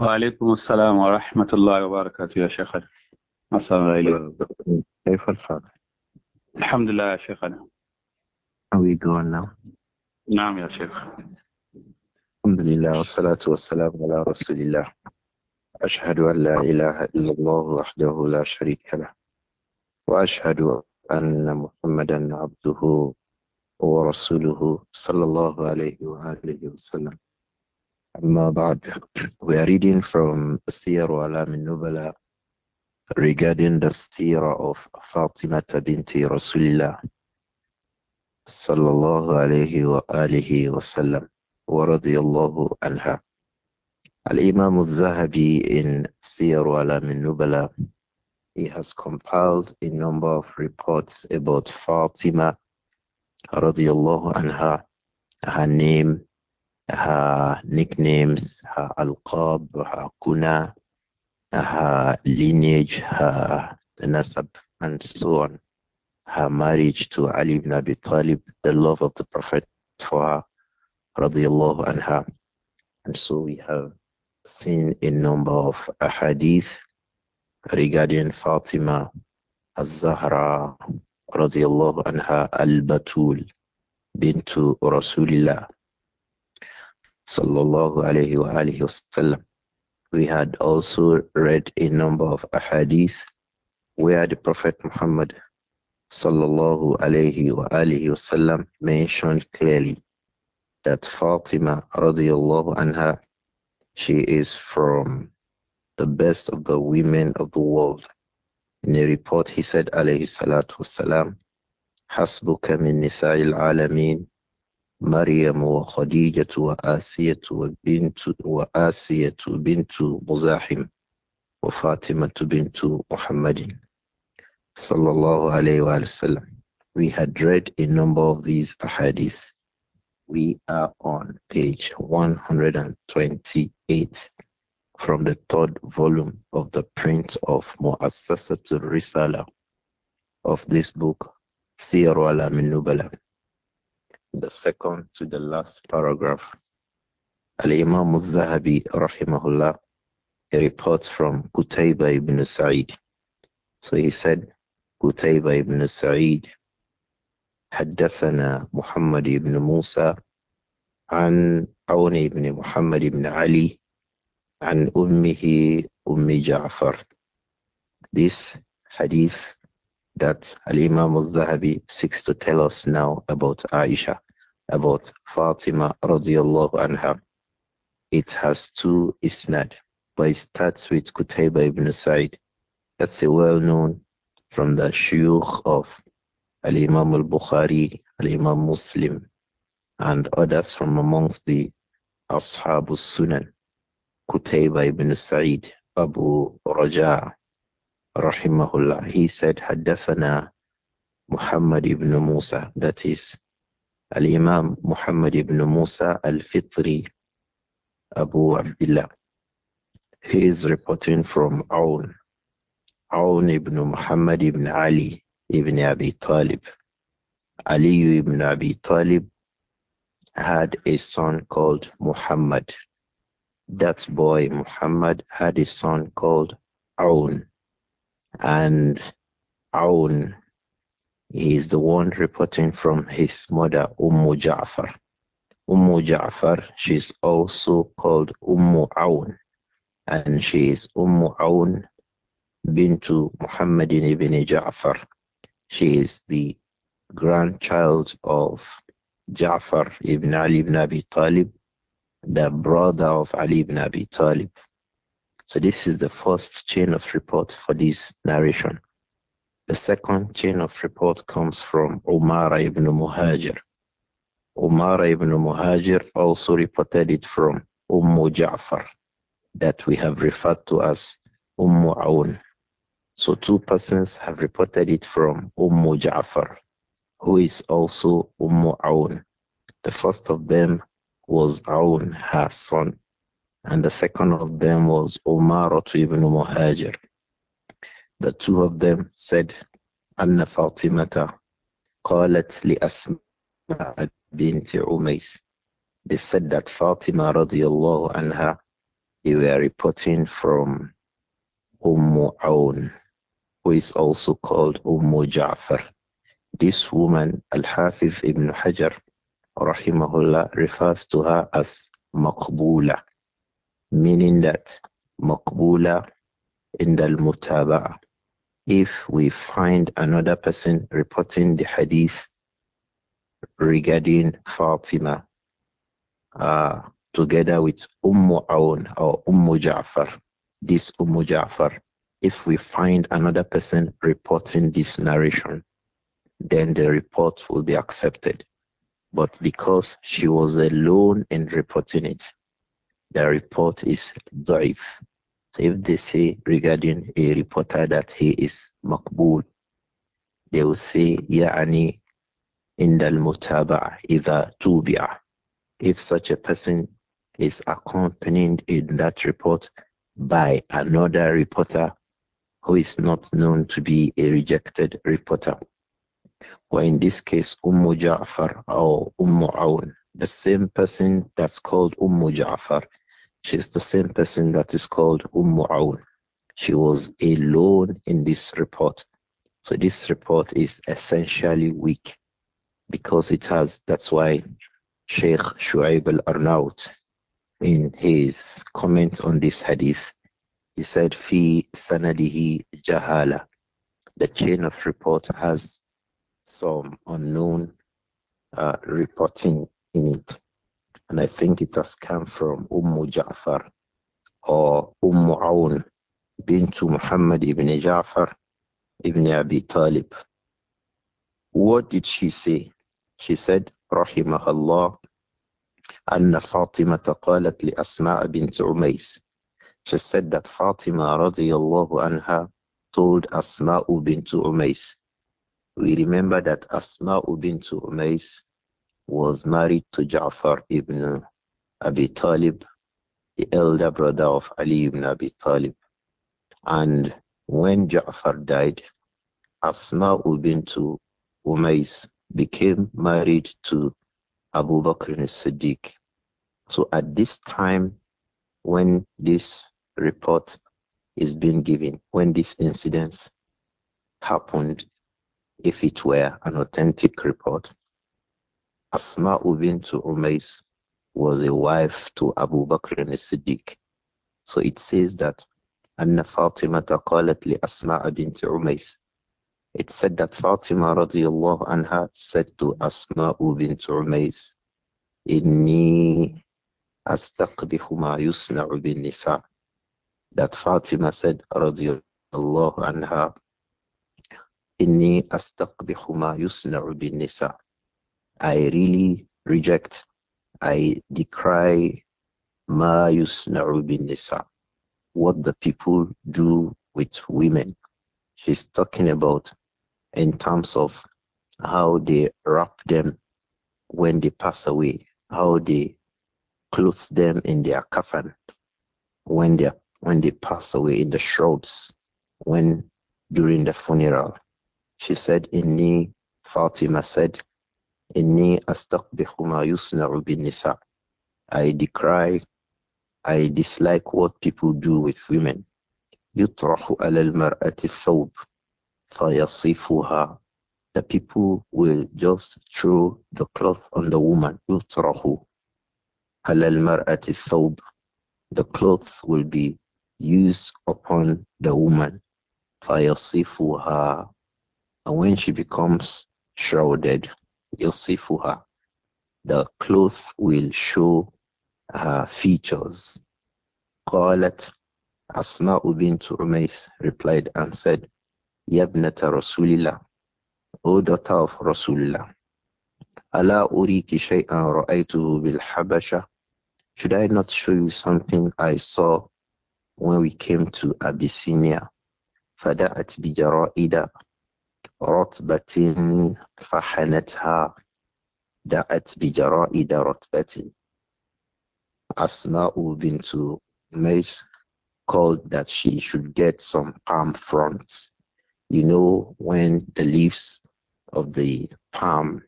وعليكم السلام ورحمة الله وبركاته يا شيخنا السلام عليكم كيف الحال؟ الحمد لله يا شيخنا How are going now? نعم يا شيخ الحمد لله والصلاة والسلام على رسول الله أشهد أن لا إله إلا الله وحده لا شريك له وأشهد أن محمدا عبده ورسوله صلى الله عليه وآله وسلم We are reading from Siyar Alam Nubala regarding the story of Fatima binti Rasulullah sallallahu alayhi wa alihi wa sallam wa radiyallahu anha. Al-Imam al-Zahabi in Siyar Alam Nubala he has compiled a number of reports about Fatima radiallahu anha, her name, her nicknames, her alqab, her kuna, her lineage, her nasab, and so on. Her marriage to Ali ibn Abi Talib, the love of the Prophet for her, radiallahu anha. And so we have seen a number of hadith regarding Fatima al-Zahra, radiallahu anha, al-Batul, bintu Rasulillah sallallahu alayhi wa alihi wasallam. We had also read a number of ahadith where the Prophet Muhammad sallallahu alayhi wa alihi wasallam mentioned clearly that Fatima radiallahu anha, she is from the best of the women of the world. In a report, he said, alayhi salatu wasalam, حسبك من نساء العالمين مريم وخديجة وآسية وبنت وآسية بنت مزاحم وفاطمة بنت محمد صلى الله عليه وآله وسلم We had read a number of these ahadith. We are on page 128 from the third volume of the print of Mu'assasatul Risala of this book, Siyar al-Nubala the second to the last paragraph. Al Imam al Zahabi, rahimahullah, he reports from Qutayba ibn Sa'id. So he said, Qutayba ibn Sa'id, حدثنا محمد بن موسى عن عون بن محمد بن علي عن أمه أم جعفر. This hadith that Al Imam al Zahabi seeks to tell us now about Aisha about Fatima radiallahu anha. It has two isnad, but it starts with Qutayba ibn Sa'id. That's a well-known from the shuyukh of Al-Imam al-Bukhari, Al-Imam Muslim, and others from amongst the Ashab sunan Qutayba ibn Sa'id, Abu Raja, rahimahullah. He said, Haddathana Muhammad ibn Musa, that is Al-Imam Muhammad ibn Musa al-Fitri Abu Abdullah. He is reporting from Aoun, Aoun ibn Muhammad ibn Ali ibn Abi Talib. Ali ibn Abi Talib had a son called Muhammad. That boy Muhammad had a son called Aoun, And Aoun he is the one reporting from his mother, Umm Ja'far. Umm Ja'far, she is also called Umm Aoun, and she is Umm Aoun bintu Muhammadin ibn Ja'far. She is the grandchild of Ja'far ibn Ali ibn Abi Talib, the brother of Ali ibn Abi Talib. So this is the first chain of report for this narration. The second chain of report comes from Umar ibn Muhajir. Umar ibn Muhajir also reported it from Umm Ja'far that we have referred to as Umm Aun. So two persons have reported it from Umm Ja'far, who is also Umm Aun. The first of them was Aun, her son, and the second of them was Umar ibn Muhajir, the two of them said, Fatimata, فاطمة li asma بنت عميس They said that Fatima radiallahu anha, they were reporting from Umu Aoun, who is also called Umm Ja'far. This woman, Al-Hafiz ibn Hajar, rahimahullah, refers to her as Maqbula, meaning that Maqbula in the Mutaba'a if we find another person reporting the hadith regarding Fatima uh, together with Umu Aun or Umu Ja'far, this Umu Ja'far, if we find another person reporting this narration, then the report will be accepted. But because she was alone in reporting it, the report is daif. So if they say regarding a reporter that he is makbul, they will say ya'ani indal mutaba either tubi'a. If such a person is accompanied in that report by another reporter who is not known to be a rejected reporter. Or in this case, Ummu Ja'far or Ummu Aun, the same person that's called Ummu Ja'far She's the same person that is called Umm Aoun. She was alone in this report. So this report is essentially weak because it has, that's why Sheikh Shu'aib al-Arnaut in his comment on this hadith, he said, Fi sanadihi jahala. The chain of report has some unknown uh, reporting in it. And I think it has come from Umm Ja'far or Umm Aun bint Muhammad ibn Ja'far ibn Abi Talib. What did she say? She said, Rahimahullah, Anna Fatima فاطمة li Asma' بنت عميس She said that Fatima رضي anha told Asma bint Umais. We remember that Asma bint Umais was married to Ja'far ibn Abi Talib, the elder brother of Ali ibn Abi Talib. And when Ja'far died, Asma bint Umais became married to Abu Bakr as-Siddiq. So at this time, when this report is being given, when this incident happened, if it were an authentic report, Asma Ubintu Umais was a wife to Abu Bakr and Siddiq. So it says that Anna Fatima taqalat li Asma Ubintu Umais. It said that Fatima radiallahu anha said to Asma Ubintu Umais, Inni astaqbihu ma yusna'u bin nisa. That Fatima said radiallahu anha, Inni astaqbihu ma yusna'u bin nisa. I really reject, I decry ma yusna'u bin nisa, what the people do with women. She's talking about in terms of how they wrap them when they pass away, how they clothe them in their coffin when they when they pass away in the shrouds, when during the funeral. She said, Inni Fatima said, Inni astaqbihu ma yusna'u bin-nisa. I decry, I dislike what people do with women. يطرح على المرأة الثوب فيصفها. The people will just throw the cloth on the woman. يطرح على marati الثوب. The cloth will be used upon the woman. فيصفها. And when she becomes shrouded, Yasifuha. The cloth will show her features. Qalat Asma bint umays replied and said, Yabnata Rasulillah, O daughter of Rasulillah, Allah uriki shay'an ra'aytuhu bil Habasha. Should I not show you something I saw when we came to Abyssinia? Fada'at bi jara'ida رتبة فحنتها دعت بجرائد رتبة Asma'u bint Mace called that she should get some palm fronds. You know, when the leaves of the palm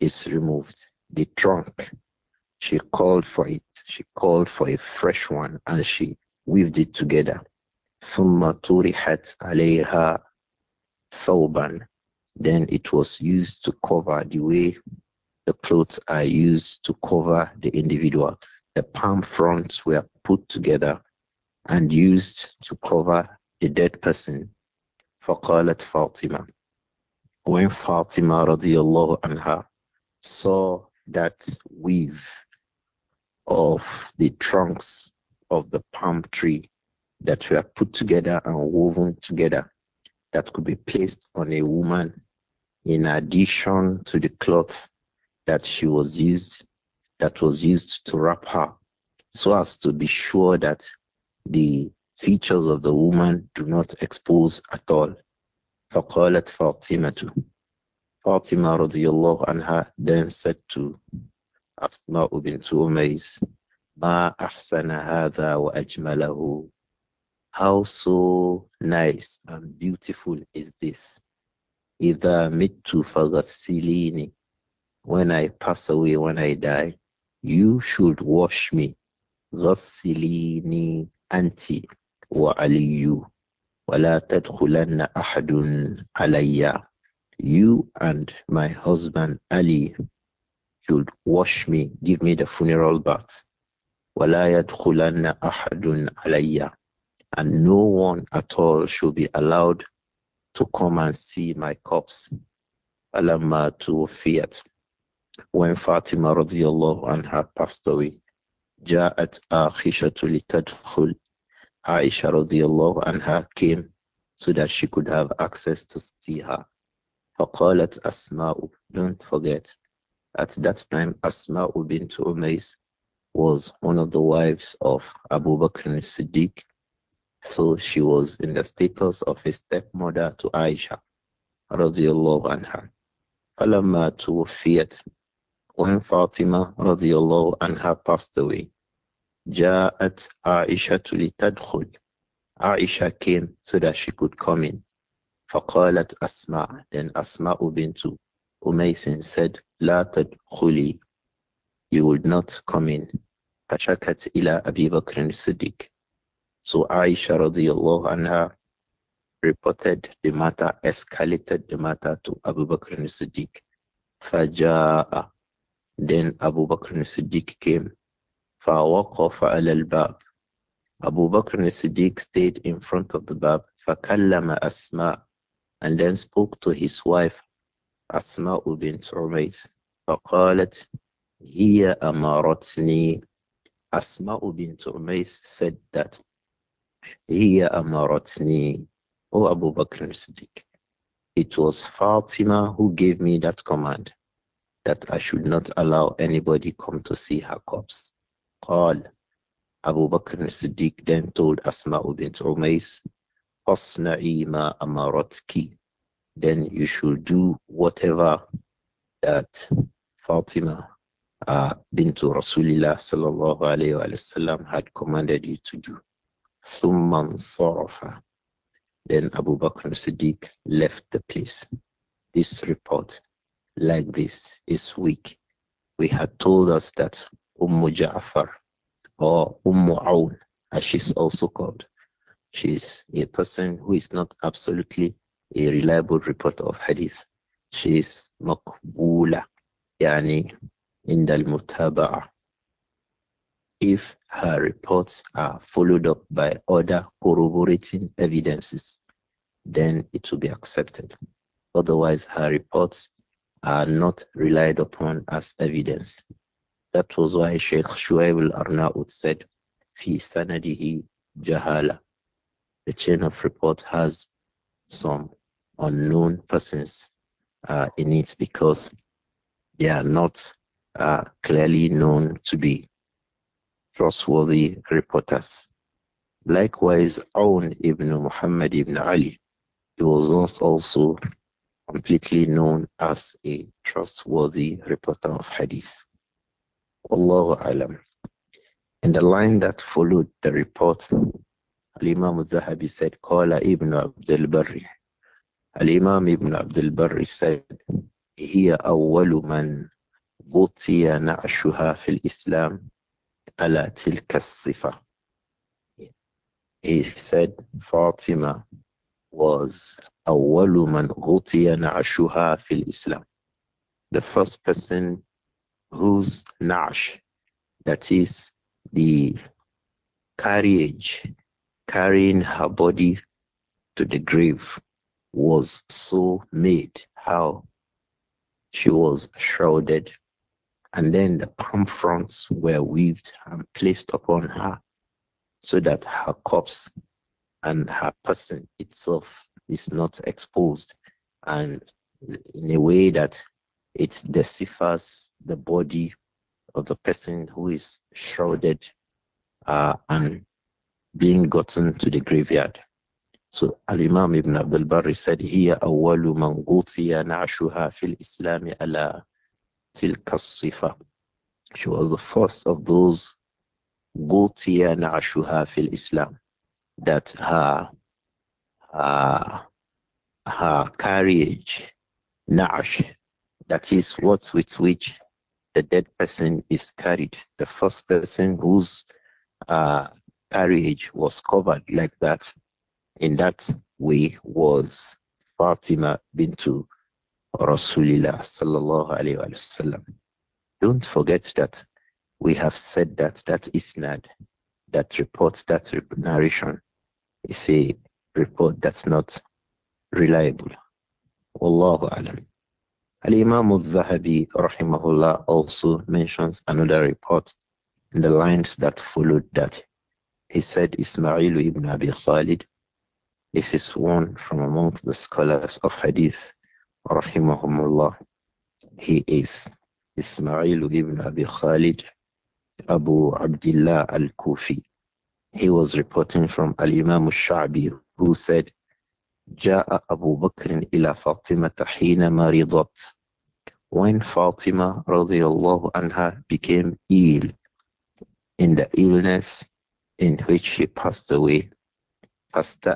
is removed, the trunk, she called for it. She called for a fresh one and she weaved it together. ثم طرحت عليها Thoban, then it was used to cover the way the clothes are used to cover the individual. The palm fronts were put together and used to cover the dead person. فقالت Fatima. When Fatima radiallahu anha saw that weave of the trunks of the palm tree that were put together and woven together, that could be placed on a woman in addition to the cloth that she was used that was used to wrap her so as to be sure that the features of the woman do not expose at all. فقالت فاطمة Fatima اللَّهُ عَنْهَا. then said to Asma bint Umays ما أحسن هذا وأجمله how so nice and beautiful is this? Either mitu Silini. When I pass away, when I die, you should wash me. Ghasilini anti wa aliyu. ولا تدخلن أحد alayya. you and my husband Ali should wash me, give me the funeral bath. وَلَا يَدْخُلَنَّ أَحَدٌ عَلَيَّ and no one at all should be allowed to come and see my corpse. Alama to Fiat. When Fatima radiallahu anha passed away, جاءت عائشة لتدخل Aisha radiallahu anha came so that she could have access to see her. فقالت أسماء don't forget at that time Asma bint Umays was one of the wives of Abu Bakr as-Siddiq so she was in the status of a stepmother to Aisha radiallahu anha. فَلَمَّا تُوفِيَتْ When Fatima radiallahu anha passed away, جَاءَتْ عَائِشَةُ لِتَدْخُلْ Aisha came so that she could come in. فَقَالَتْ أَسْمَعْ Then Asma ubintu Umaysin said, لَا تَدْخُلِي You would not come in. فَشَكَتْ إِلَىٰ أَبِي بَكْرٍ صِدِّقٍ so Aisha radiallahu anha reported the matter, escalated the matter to Abu Bakr al-Siddiq. Faja'a. Then Abu Bakr al-Siddiq came. Fawaqafa al-bab. Abu Bakr al-Siddiq stayed in front of the bab. Fakallama Asma. And then spoke to his wife, Asma bint Umays. فقالت هي أمارتني Asma bint Umays said that هي أمرتني O oh, Abu Bakr siddiq it was Fatima who gave me that command that I should not allow anybody come to see her corpse. قال Abu Bakr al-Siddiq then told Asma bint Umays, Fasna'i ma Then you should do whatever that Fatima uh, bint Rasulullah sallallahu alayhi wa sallam had commanded you to do. Thumman Sarafa. Then Abu Bakr Siddiq left the place. This report, like this, is weak. We had told us that Umm Ja'far or Umm Aoun, as she's also called, she's a person who is not absolutely a reliable reporter of hadith. She is maqbula, yani indal mutaba'a if her reports are followed up by other corroborating evidences, then it will be accepted. Otherwise, her reports are not relied upon as evidence. That was why Sheikh Shuaib al-Arnaut said, fi sanadihi jahala. The chain of report has some unknown persons uh, in it because they are not uh, clearly known to be trustworthy reporters. Likewise, Aun ibn Muhammad ibn Ali, he was also completely known as a trustworthy reporter of hadith. Allahu alam. In the line that followed the report, Al-Imam al-Zahabi said, Qala ibn Abdul Barri. Al-Imam ibn Abdul Barri said, هي أول من بطي نعشها في Islam." He said Fatima was awwalu man ghutiya na'shuha fil Islam. The first person whose nash, that is the carriage, carrying her body to the grave, was so made. How? She was shrouded and then the palm fronds were weaved and placed upon her so that her corpse and her person itself is not exposed and in a way that it deciphers the body of the person who is shrouded uh, and being gotten to the graveyard. So Al Imam Ibn Abdul Barri said, "Here, أول من قطع نعشها في الإسلام ala." تلك الصفة she was the first of those غوتي نعشها في Islam that her her, her carriage Nash, that is what with which the dead person is carried the first person whose uh, carriage was covered like that in that way was Fatima bintu Rasulillah sallallahu alayhi wa sallam. Don't forget that we have said that that isnad, that report, that narration is a report that's not reliable. Wallahu alam. Al-Imam al-Zahabi rahimahullah also mentions another report in the lines that followed that. He said Ismail ibn Abi Khalid. This is one from among the scholars of hadith rahimahumullah. He is Ismail ibn Abi Khalid Abu Abdullah al-Kufi. He was reporting from Al-Imam al-Sha'bi who said, "Jaa Abu Bakr ila Fatima حين مرضت when Fatima radiallahu anha became ill in the illness in which she passed away, Pastor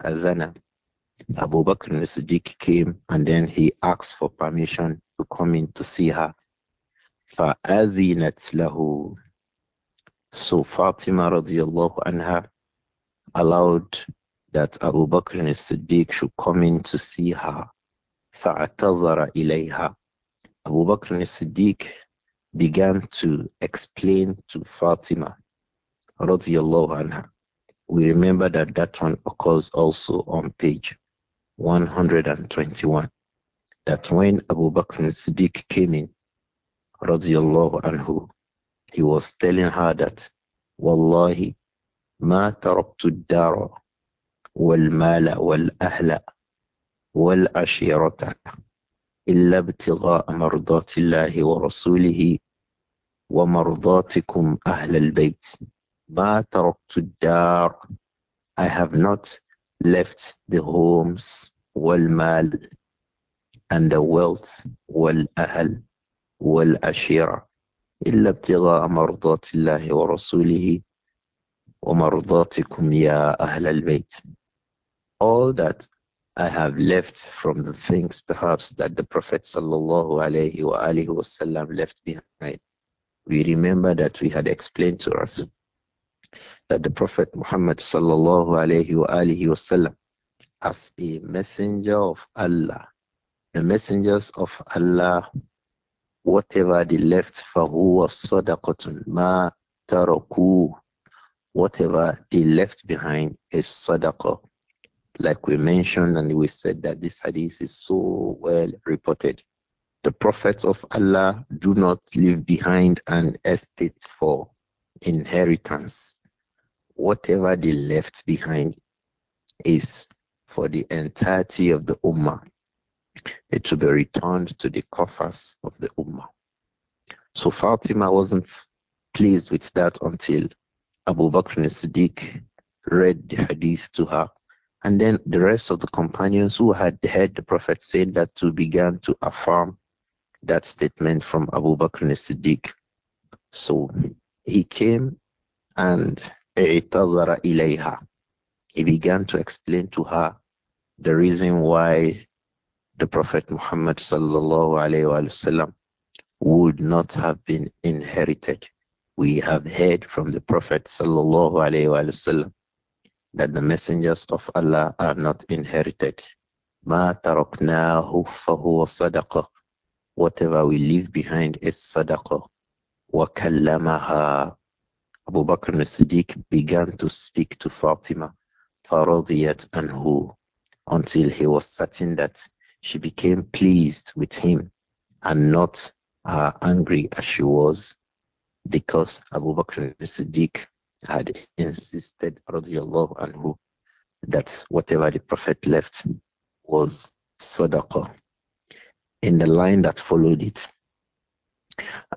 Abu Bakr al-Siddiq came and then he asked for permission to come in to see her. فَأَذِنَتْ لَهُ So Fatima radiallahu anha allowed that Abu Bakr al-Siddiq should come in to see her. فَأَتَذَرَ إِلَيْهَا Abu Bakr al-Siddiq began to explain to Fatima radiallahu anha. We remember that that one occurs also on page 121 that when Abu Bakr Siddiq came in, radiallahu anhu, he was telling her that, Wallahi, ma taraktu dara wal mala wal ahla wal ashirata illa ibtigha'a mardatillahi wa rasulihi wa mardatikum ahl al-bayt. Ma taraktu dar. I have not left the homes, wal mal, and the wealth, wal ahl, wal ashira, إلا ابتغاء مرضات الله ورسوله ومرضاتكم يا أهل البيت. All that I have left from the things perhaps that the Prophet sallallahu alaihi wasallam left behind. We remember that we had explained to us that the Prophet Muhammad sallallahu alayhi wa alihi wasallam as a messenger of Allah, the messengers of Allah, whatever they left was صَدَقَةٌ ma' تَرَكُوا Whatever they left behind is sadaqah. Like we mentioned and we said that this hadith is so well reported. The prophets of Allah do not leave behind an estate for inheritance whatever they left behind is for the entirety of the Ummah. It will be returned to the coffers of the Ummah. So Fatima wasn't pleased with that until Abu Bakr and Siddiq read the hadith to her. And then the rest of the companions who had heard the Prophet saying that too began to affirm that statement from Abu Bakr and Siddiq. So he came and ilayha. He began to explain to her the reason why the Prophet Muhammad sallallahu alayhi wa would not have been inherited. We have heard from the Prophet sallallahu alayhi wa that the messengers of Allah are not inherited. مَا تَرَكْنَاهُ فَهُوَ صَدَقَةٌ Whatever we leave behind is sadaqah. وَكَلَّمَهَا Abu Bakr al siddiq began to speak to Fatima and who, until he was certain that she became pleased with him and not uh, angry as she was because Abu Bakr al siddiq had insisted radiallahu anhu that whatever the Prophet left was sadaqah. In the line that followed it,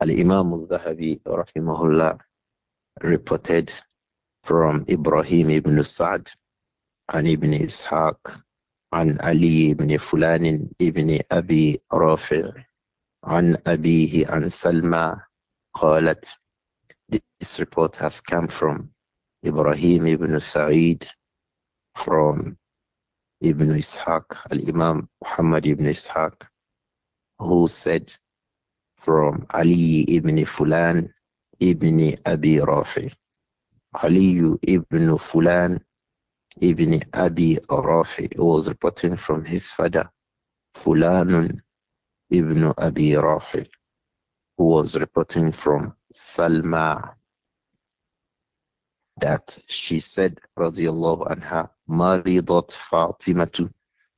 Al-Imam al-Dhahabi rahimahullah reported from Ibrahim ibn Sa'd and ibn Ishaq and Ali ibn فلان ibn Abi Rafi, عن أبيه عن سلمى قالت This report has come from Ibrahim ibn Sa'id from Ibn Ishaq, Al-Imam Muhammad ibn Ishaq, who said from Ali ibn Fulan ibn Abi Rafi. Aliyu ibn Fulan ibn Abi Rafi was reporting from his father, Fulanun ibn Abi Rafi, who was reporting from Salma that she said, radiallahu anha, Maridat Fatima too.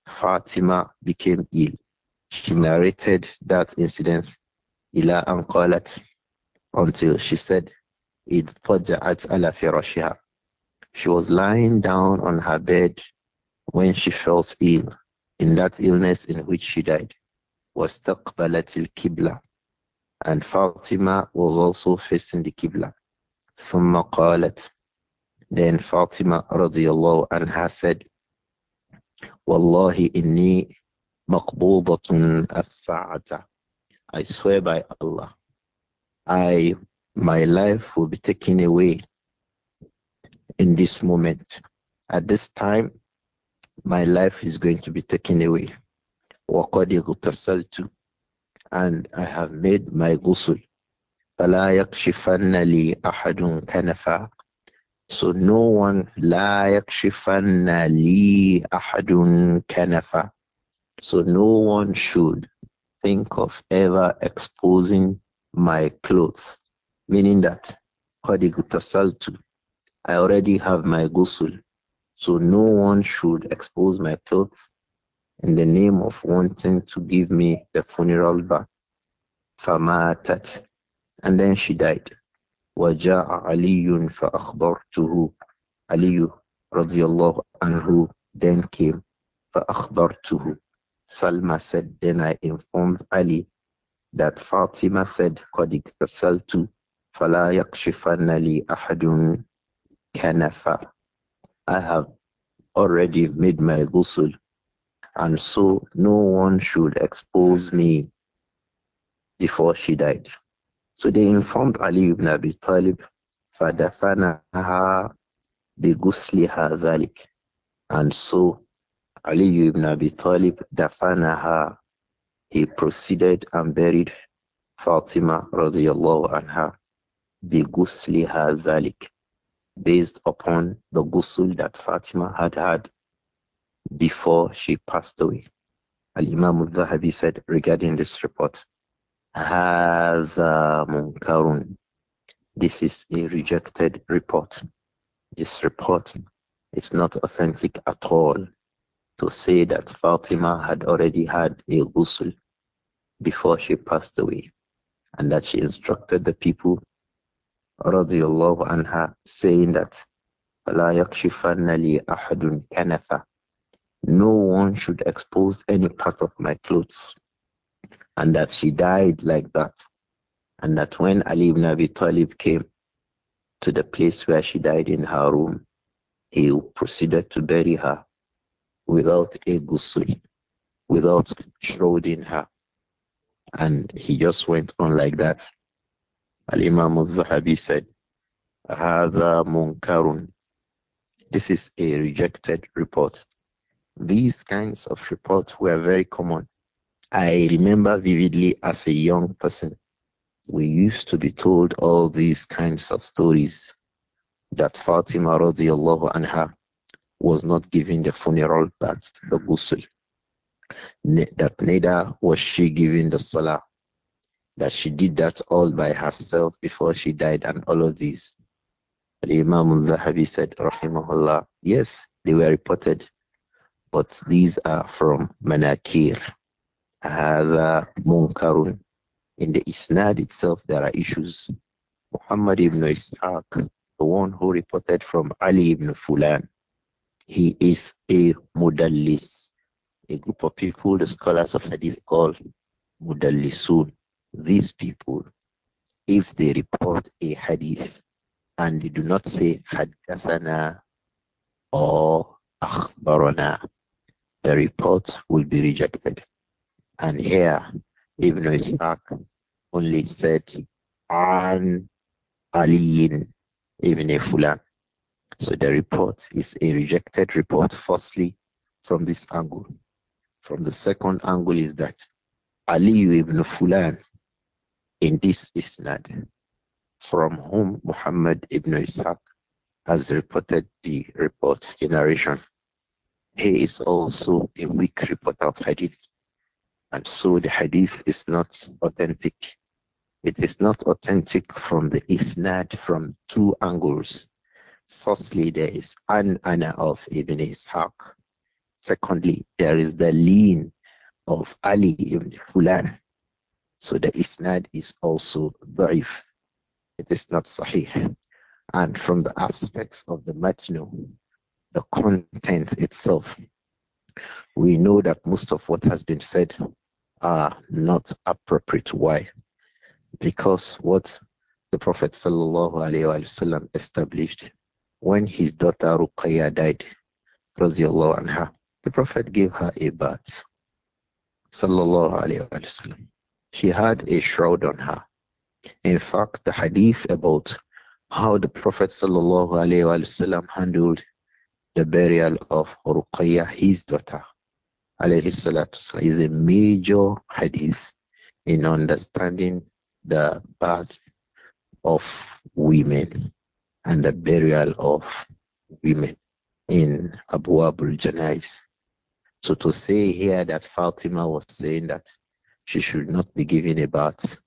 Fatima became ill. She narrated that incident ila anqalat until she said, at ala firashiha." She was lying down on her bed when she felt ill, in that illness in which she died. Was taqbalatil kibla, and Fatima was also facing the kibla. ثم قالت Then Fatima radiallahu anha said, Wallahi inni maqbudatun as I swear by Allah, I, my life will be taken away in this moment. At this time, my life is going to be taken away. And I have made my ghusl. فلا يكشفن لي أحد So no one لا يكشفن لي أحد كنفا So no one should think of ever exposing my clothes, meaning that I already have my ghusl. So no one should expose my clothes in the name of wanting to give me the funeral bath. فماتت and then she died. وجاء علي فأخبرته علي رضي الله then came فأخبرته Salma said then I informed Ali that Fatima said, قَدْ اكْتَسَلْتُ fala يَكْشِفَنَّ لِي أَحَدٌ كَنَفَ I have already made my ghusl, and so no one should expose me before she died. So they informed Ali ibn Abi Talib, فَدَفَنَهَا بِغُسْلِهَا zalik, And so Ali ibn Abi Talib dafanaha he proceeded and buried Fatima radiallahu anha بِغُسْلِهَا ذَلِكَ based upon the ghusl that Fatima had had before she passed away. Al-Imam al-Dhahabi said regarding this report, This is a rejected report. This report is not authentic at all to say that Fatima had already had a ghusl before she passed away and that she instructed the people radiallahu anha saying that لا يَكْشِفَنَّ لِي أَحَدٌ كَنَفَةً no one should expose any part of my clothes. And that she died like that. And that when Ali ibn Abi Talib came to the place where she died in her room, he proceeded to bury her without a ghusl, without shrouding her. And he just went on like that. Al Imam al Zahabi said, Hada munkarun. This is a rejected report. These kinds of reports were very common. I remember vividly as a young person, we used to be told all these kinds of stories that Fatima radiallahu anha was not giving the funeral but the mm-hmm. ghusl. That neither was she giving the salah. That she did that all by herself before she died and all of these. The Imam al-Zahabi said, Rahimahullah, yes, they were reported, but these are from Manakir. Hada Munkarun. In the Isnad itself, there are issues. Muhammad ibn Ishaq, the one who reported from Ali ibn Fulan, he is a modalist. A group of people the scholars of hadith call mudallisun. These people, if they report a hadith and they do not say haddathana or akhbarana, the report will be rejected. And here, Ibn Ishaq only said an aliyin ibn fulan. So the report is a rejected report, firstly, from this angle. From the second angle is that Ali ibn Fulan in this isnad, from whom Muhammad ibn Ishaq has reported the report, generation. narration. He is also a weak reporter of hadith, and so the hadith is not authentic. It is not authentic from the isnad from two angles Firstly, there is an ana of Ibn Ishaq. Secondly, there is the lean of Ali ibn Fulan. So the isnad is also brief. It is not sahih. And from the aspects of the matnu, the content itself, we know that most of what has been said are not appropriate. Why? Because what the Prophet ﷺ established when his daughter Ruqayya died, radiallahu anha, the Prophet gave her a bath. Sallallahu alayhi wa She had a shroud on her. In fact, the hadith about how the Prophet sallallahu alayhi wasallam handled the burial of Ruqayya, his daughter, alayhi salatu is a major hadith in understanding the birth of women and the burial of women in Abu Abul Janais. So to say here that Fatima was saying that she should not be given a bath,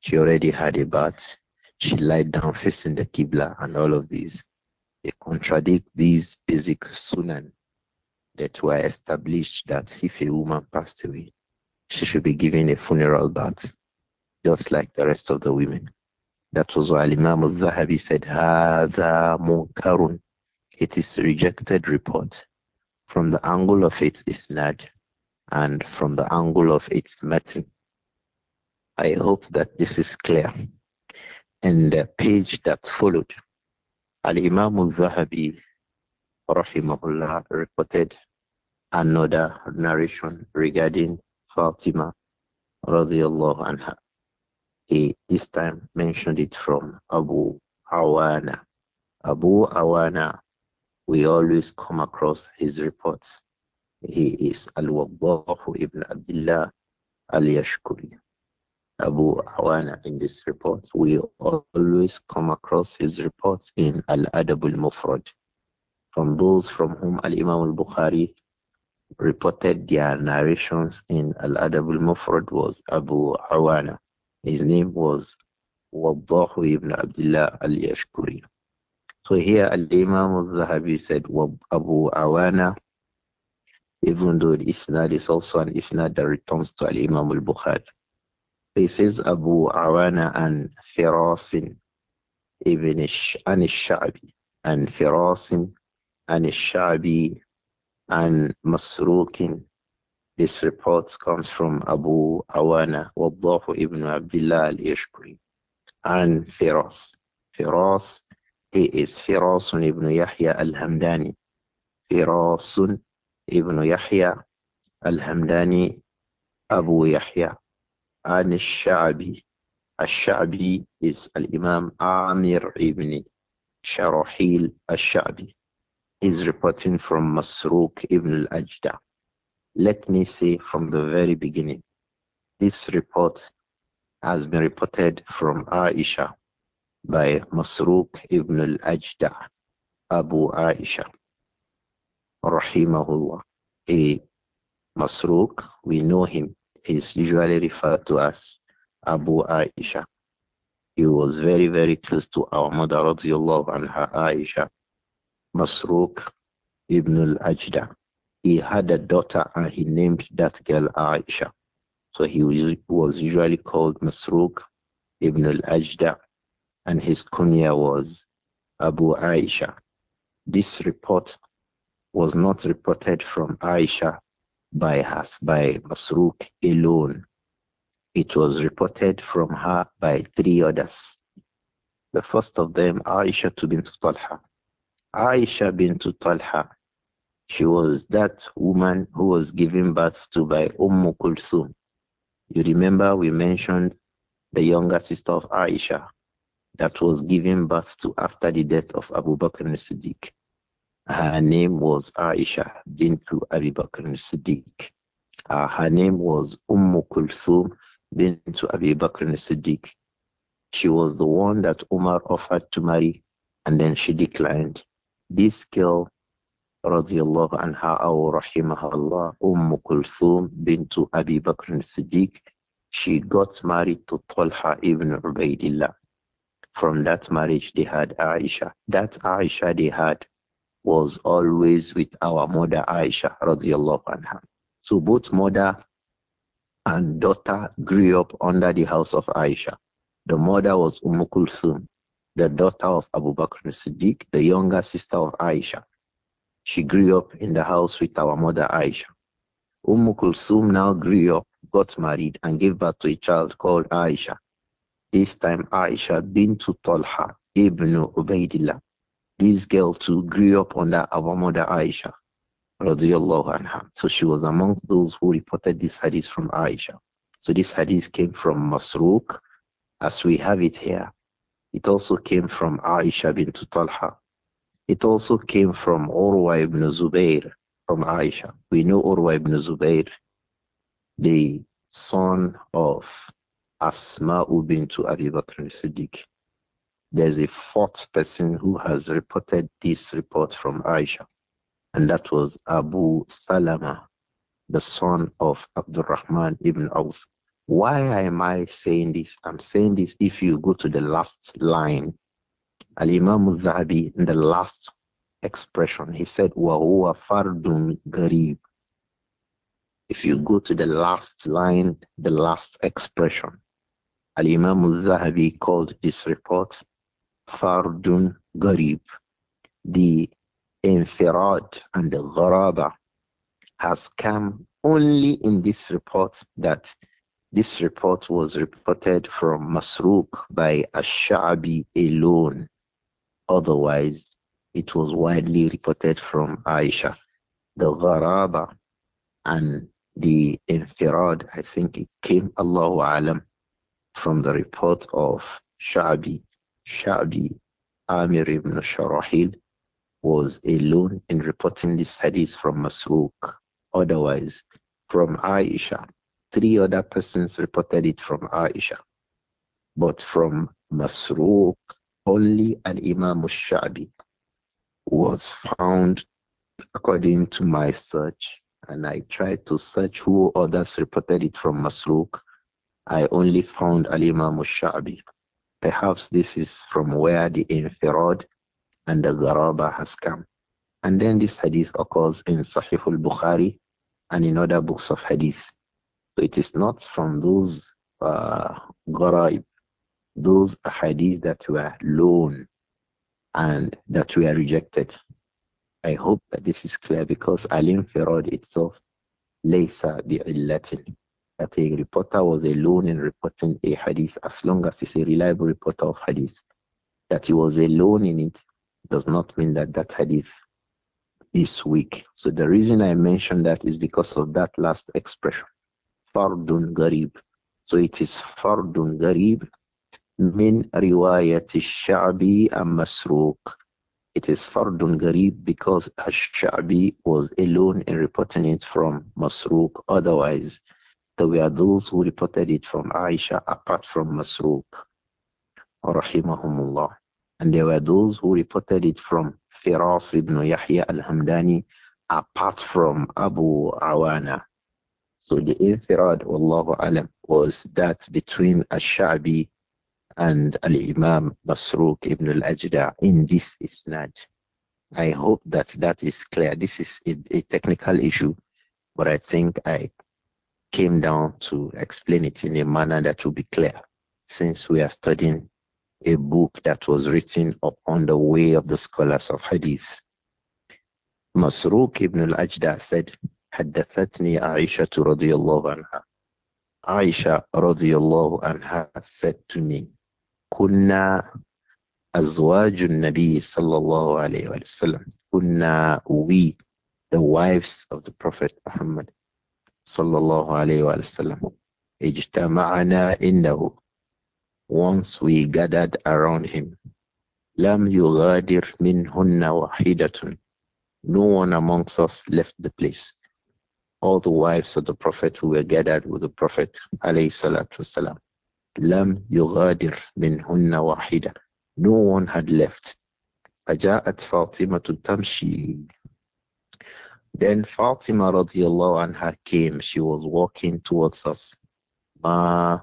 she already had a bath, she lied down facing the Qibla and all of these, they contradict these basic sunan that were established that if a woman passed away, she should be given a funeral bath, just like the rest of the women. That was why Imam al-Zahabi said, Hadha munkarun. It is rejected report from the angle of its isnad and from the angle of its matin. I hope that this is clear. And the page that followed, Al-Imam al-Zahabi, rahimahullah, reported another narration regarding Fatima, radiallahu anha. He this time mentioned it from Abu Awana. Abu Awana, we always come across his reports. He is Al-Waddahu ibn Abdullah al-Yashkuri. Abu Awana in this report. We always come across his reports in Al-Adab al-Mufrad. From those from whom Al-Imam al-Bukhari reported their narrations in Al-Adab al-Mufrad was Abu Awana. His name was Waddahu ibn Abdullah al Yashkuri. So here Al Imam al Zahabi said Abu Awana, even though the Isnad is also an Isnad that returns to Al Imam al Bukhari. He says Abu Awana and Firasin ibn Ish, Shabi and Firasin and Shabi and Masrukin this report comes from Abu Awana, Waddahu ibn Abdullah al-Ishqi, and Firas. Firas, he is Firasun ibn Yahya al-Hamdani. Firasun ibn Yahya al-Hamdani, Abu Yahya, and al-Sha'bi. al is al-Imam Amir ibn Sharahil al-Sha'bi. is reporting from Masruq ibn al-Ajda. Let me say from the very beginning, this report has been reported from Aisha by Masruq ibn al-Ajda, Abu Aisha, rahimahullah. He, Masruq, we know him. He is usually referred to as Abu Aisha. He was very, very close to our mother, radiallahu anha, Aisha. Masruq ibn al-Ajda he had a daughter and he named that girl Aisha. So he was usually called Masruq ibn al-Ajda and his kunya was Abu Aisha. This report was not reported from Aisha by us by Masruq alone. It was reported from her by three others. The first of them, Aisha bint Talha. Aisha bint Talha she was that woman who was given birth to by Umm Kulsum. You remember we mentioned the younger sister of Aisha that was given birth to after the death of Abu Bakr al-Siddiq. Her name was Aisha bintu Abu Bakr al-Siddiq. Uh, her name was Umm Kulthum bintu Abu Bakr al-Siddiq. She was the one that Umar offered to marry and then she declined. This girl رضي الله عنها أو رحمها الله أم كلثوم بنت أبي بكر الصديق she got married to Talha ibn Ubaidillah from that marriage they had Aisha that Aisha they had was always with our mother Aisha radiallahu anha so both mother and daughter grew up under the house of Aisha the mother was Umm Kulthum the daughter of Abu Bakr Siddiq the younger sister of Aisha she grew up in the house with our mother Aisha. Umm Kulsum now grew up, got married, and gave birth to a child called Aisha. This time Aisha bint Talha ibn Ubaidillah. This girl too grew up under our mother Aisha. Anha. So she was amongst those who reported this hadith from Aisha. So this hadith came from Masruq as we have it here. It also came from Aisha bint Talha it also came from Urwa ibn Zubair, from Aisha. We know Urwa ibn Zubair, the son of Asma bint Abi Bakr Siddiq. There's a fourth person who has reported this report from Aisha, and that was Abu Salama, the son of Abdurrahman ibn Auf. Why am I saying this? I'm saying this if you go to the last line Al Imam al Zahabi, in the last expression, he said, Wahua Fardun Garib. If you go to the last line, the last expression, Al Imam al Zahabi called this report Fardun Garib. The infirad and the gharaba has come only in this report that this report was reported from Masruq by Ash-Sha'bi alone. Otherwise, it was widely reported from Aisha. The gharaba and the infirad, I think it came, Allahu alam, from the report of Sha'bi. Sha'bi, Amir ibn Sharahil, was alone in reporting this hadith from Masruq. Otherwise, from Aisha, three other persons reported it from Aisha. But from Masruq, only Al Imam Shabi was found according to my search, and I tried to search who others reported it from Masrur. I only found Al Imam Shabi. Perhaps this is from where the infirad and the garaba has come. And then this hadith occurs in Sahih al-Bukhari and in other books of hadith. So it is not from those uh, garaib those hadiths that were loan and that were rejected. I hope that this is clear because Alim Ferrod itself, Laysa bi'illatin, that a reporter was alone in reporting a hadith as long as he's a reliable reporter of hadith. That he was alone in it does not mean that that hadith is weak. So the reason I mention that is because of that last expression, fardun garib. So it is fardun garib min riwayati shabi and masruq. It is fardun garib because ash-shabi was alone in reporting it from masruq. Otherwise, there were those who reported it from Aisha apart from masruq. Rahimahumullah. And there were those who reported it from Firas ibn Yahya al-Hamdani apart from Abu Awana. So the infirad, Wallahu Alam, was that between Ash-Sha'bi and Al Imam Masruq ibn al Ajda in this isnad. I hope that that is clear. This is a, a technical issue, but I think I came down to explain it in a manner that will be clear since we are studying a book that was written upon the way of the scholars of hadith. Masruq ibn al-Ajda said, حدثتني عائشة رضي الله عنها. Aisha رضي الله عنها said to me, we, the wives of the Prophet Muhammad صلى الله عليه وسلم, Once we gathered around him. Lam yughadir minhunna wahidatun. No one amongst us left the place. All the wives of the Prophet who were gathered with the Prophet alayhi salatu لم يغادر منهن واحدة. No one had left. فجاءت فاطمة تمشي. Then فاطمة رضي الله عنها came. She was walking towards us. ما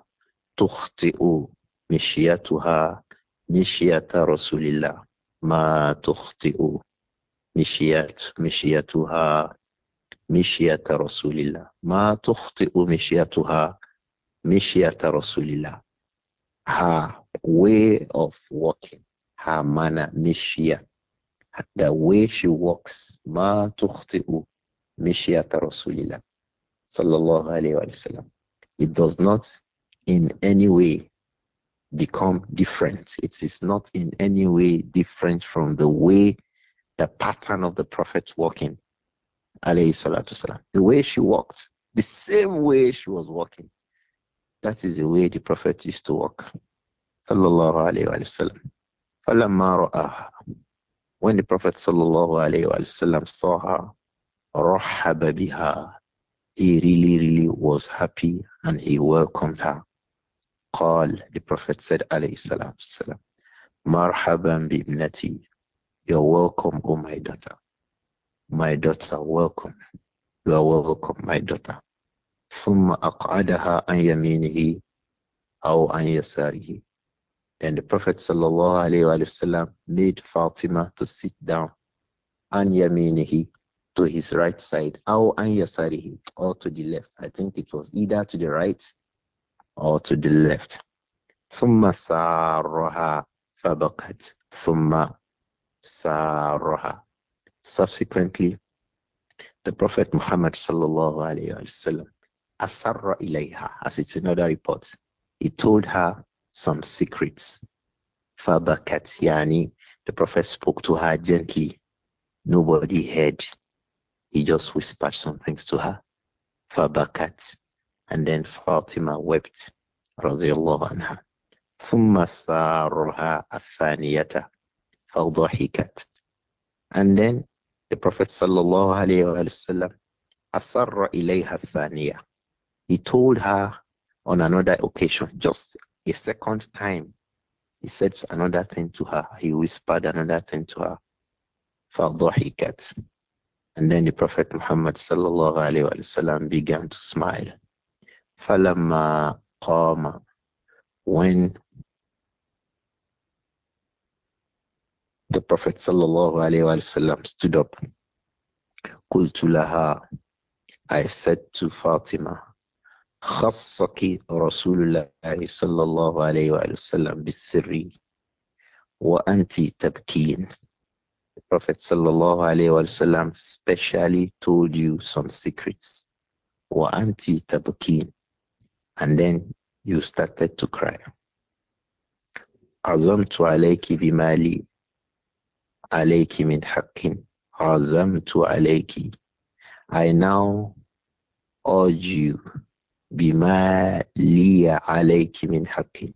تخطئ مشيتها مشية رسول الله. ما تخطئ مشيت مشيتها مشية رسول الله ما تخطئ مشيتها Mishiyata Rasulillah. Her way of walking, her manner, Mishiyah. The way she walks, ma tukhti'u Mishiyata Rasulillah. Sallallahu Alaihi Wasallam. It does not in any way become different. It is not in any way different from the way, the pattern of the Prophet walking. The way she walked, the same way she was walking. That is the way the Prophet used to walk. Sallallahu alayhi When the Prophet sallallahu alayhi saw her, He really, really was happy and he welcomed her. The Prophet said alayhi salam salam بِابْنَتِي You're welcome, O oh my daughter. My daughter, welcome. You are welcome, my daughter. ثم أقعدها عن يمينه أو عن يساره Then the Prophet وسلم, made Fatima to sit down an yaminihi to his right side, أو an yasarihi or to the left. I think it was either to the right or to the left. ثم سارها فبقت ثم سارها Subsequently, the Prophet Muhammad sallallahu alayhi wa asarra ilayha, as it's in other reports. He told her some secrets. Fabakat yani, the Prophet spoke to her gently. Nobody heard. He just whispered some things to her. Fabakat. And then Fatima wept. Radiallahu anha. ثم سارها الثانية فضحكت and then the Prophet sallallahu alayhi wa sallam asarra ilayha thaniya. He told her on another occasion, just a second time, he said another thing to her. He whispered another thing to her. فَضَحِكَتْ And then the Prophet Muhammad sallallahu alayhi wa sallam began to smile. فَلَمَّا قَامَ When the Prophet sallallahu alayhi wa sallam stood up, قُلْتُ لَهَا I said to Fatima, خصك رسول الله صلى الله عليه وآله وسلم بالسر وأنت تبكين The Prophet صلى الله عليه وآله وسلم specially told you some secrets وأنت تبكين and then you started to cry عظمت عليك بمالي عليك من حق عظمت عليك I now urge you bima liya alayki min haqqin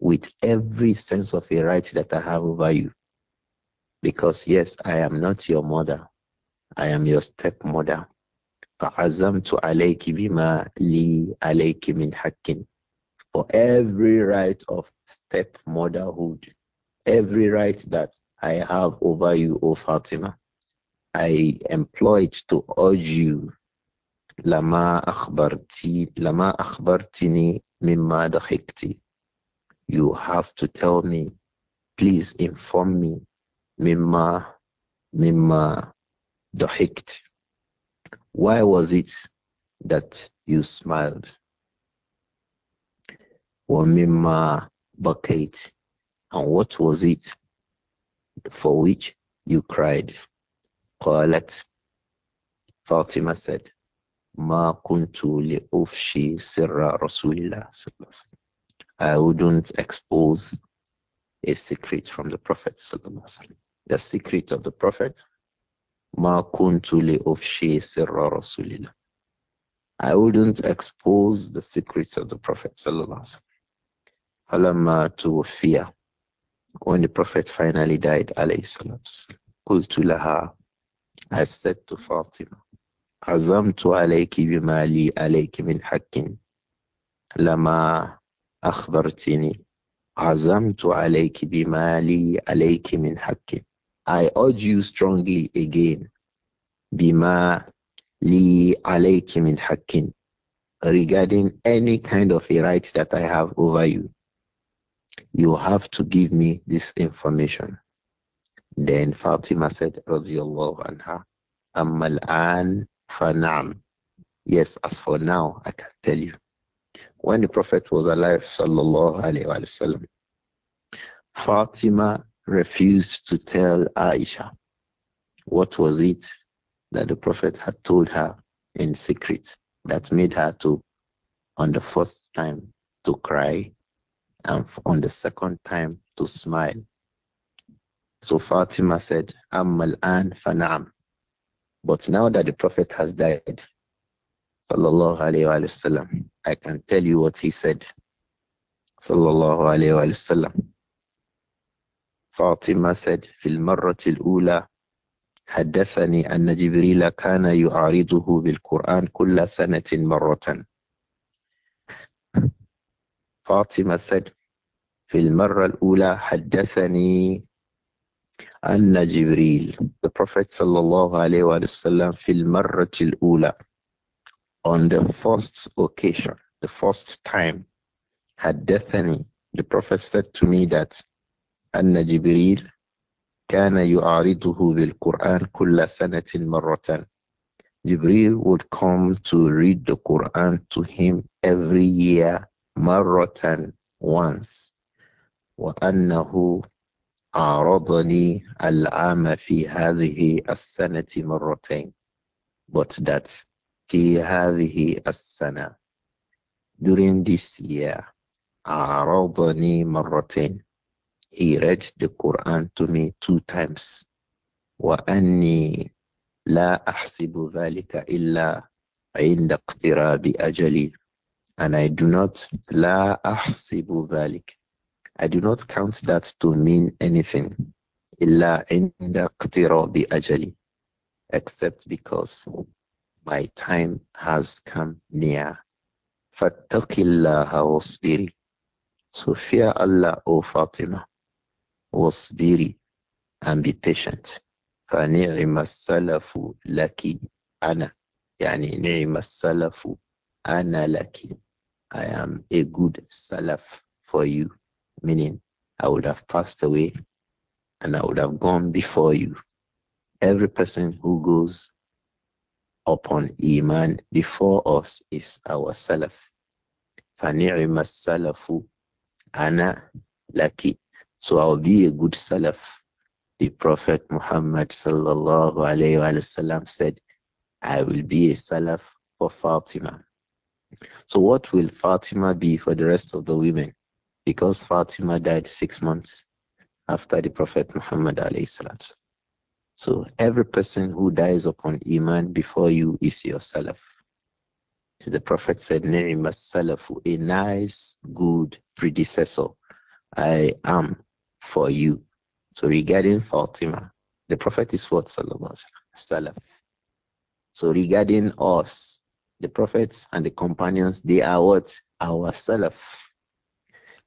with every sense of a right that I have over you. Because yes, I am not your mother. I am your stepmother. فَعَزَمْتُ عَلَيْكِ بِمَا لِي عَلَيْكِ مِنْ حَقٍّ For every right of stepmotherhood, every right that I have over you, O Fatima, I employ it to urge you Lama akhbarti, lama akhbartini mimma dakhikti. You have to tell me, please inform me mimma mimma dahikt. Why was it that you smiled? Or mimma bakait. And what was it for which you cried? Colette Fatima said, I wouldn't expose a secret from the Prophet. The secret of the Prophet. Ma kuntu li sirra Rasulillah. I wouldn't expose the secrets of the Prophet. Falamma tuwfiya. When the Prophet finally died, alayhi I said to Fatima, عزمت عليك بما لي عليك من حق لما أخبرتني عزمت عليك بما لي عليك من حق I urge you strongly again بما لي عليك من حق regarding any kind of a right that I have over you you have to give me this information then Fatima said رضي الله عنها أما الآن فَنَعْمْ Yes, as for now, I can tell you. When the Prophet was alive, sallallahu alayhi wa sallam, Fatima refused to tell Aisha what was it that the Prophet had told her in secret that made her to, on the first time, to cry, and on the second time, to smile. So Fatima said, Ammal an fanam. But now that the Prophet has died, sallallahu alayhi wa sallam, I can tell you what he said. Sallallahu alayhi wa sallam. Fatima said, في المرة الأولى حدثني أن جبريل كان يعارضه بالقرآن كل سنة مرة. Fatima said, في المرة الأولى حدثني أن جبريل the Prophet صلى الله عليه وسلم في المرة الأولى on the first occasion the first time حدثني the Prophet said to me that أن جبريل كان يعارضه بالقرآن كل سنة مرة Jibril would come to read the Quran to him every year, marotan once. وَأَنَّهُ عارضني العام في هذه السنة مرتين but that في هذه السنة during this year عارضني مرتين he read the Quran to me two times وأني لا أحسب ذلك إلا عند اقتراب أجلي and I do not لا أحسب ذلك I do not count that to mean anything. except because my time has come near. فاتق الله واصبري So fear Allah, O Fatima, واصبري and be patient. فنعم السلف لك أنا يعني نعم السلف أنا لك I am a good salaf for you meaning I would have passed away and I would have gone before you. Every person who goes upon Iman before us is our Salaf. فَنِعِمَ السَّلَفُ أَنَا لَكِ So I'll be a good Salaf. The Prophet Muhammad sallallahu alayhi wa sallam said, I will be a Salaf for Fatima. So what will Fatima be for the rest of the women? because Fatima died six months after the Prophet Muhammad. So every person who dies upon Iman before you is your Salaf. The Prophet said, Ni'mas Salafu, a nice, good predecessor. I am for you. So regarding Fatima, the Prophet is what? Salaf. So regarding us, the prophets and the companions, they are what? Our Salaf.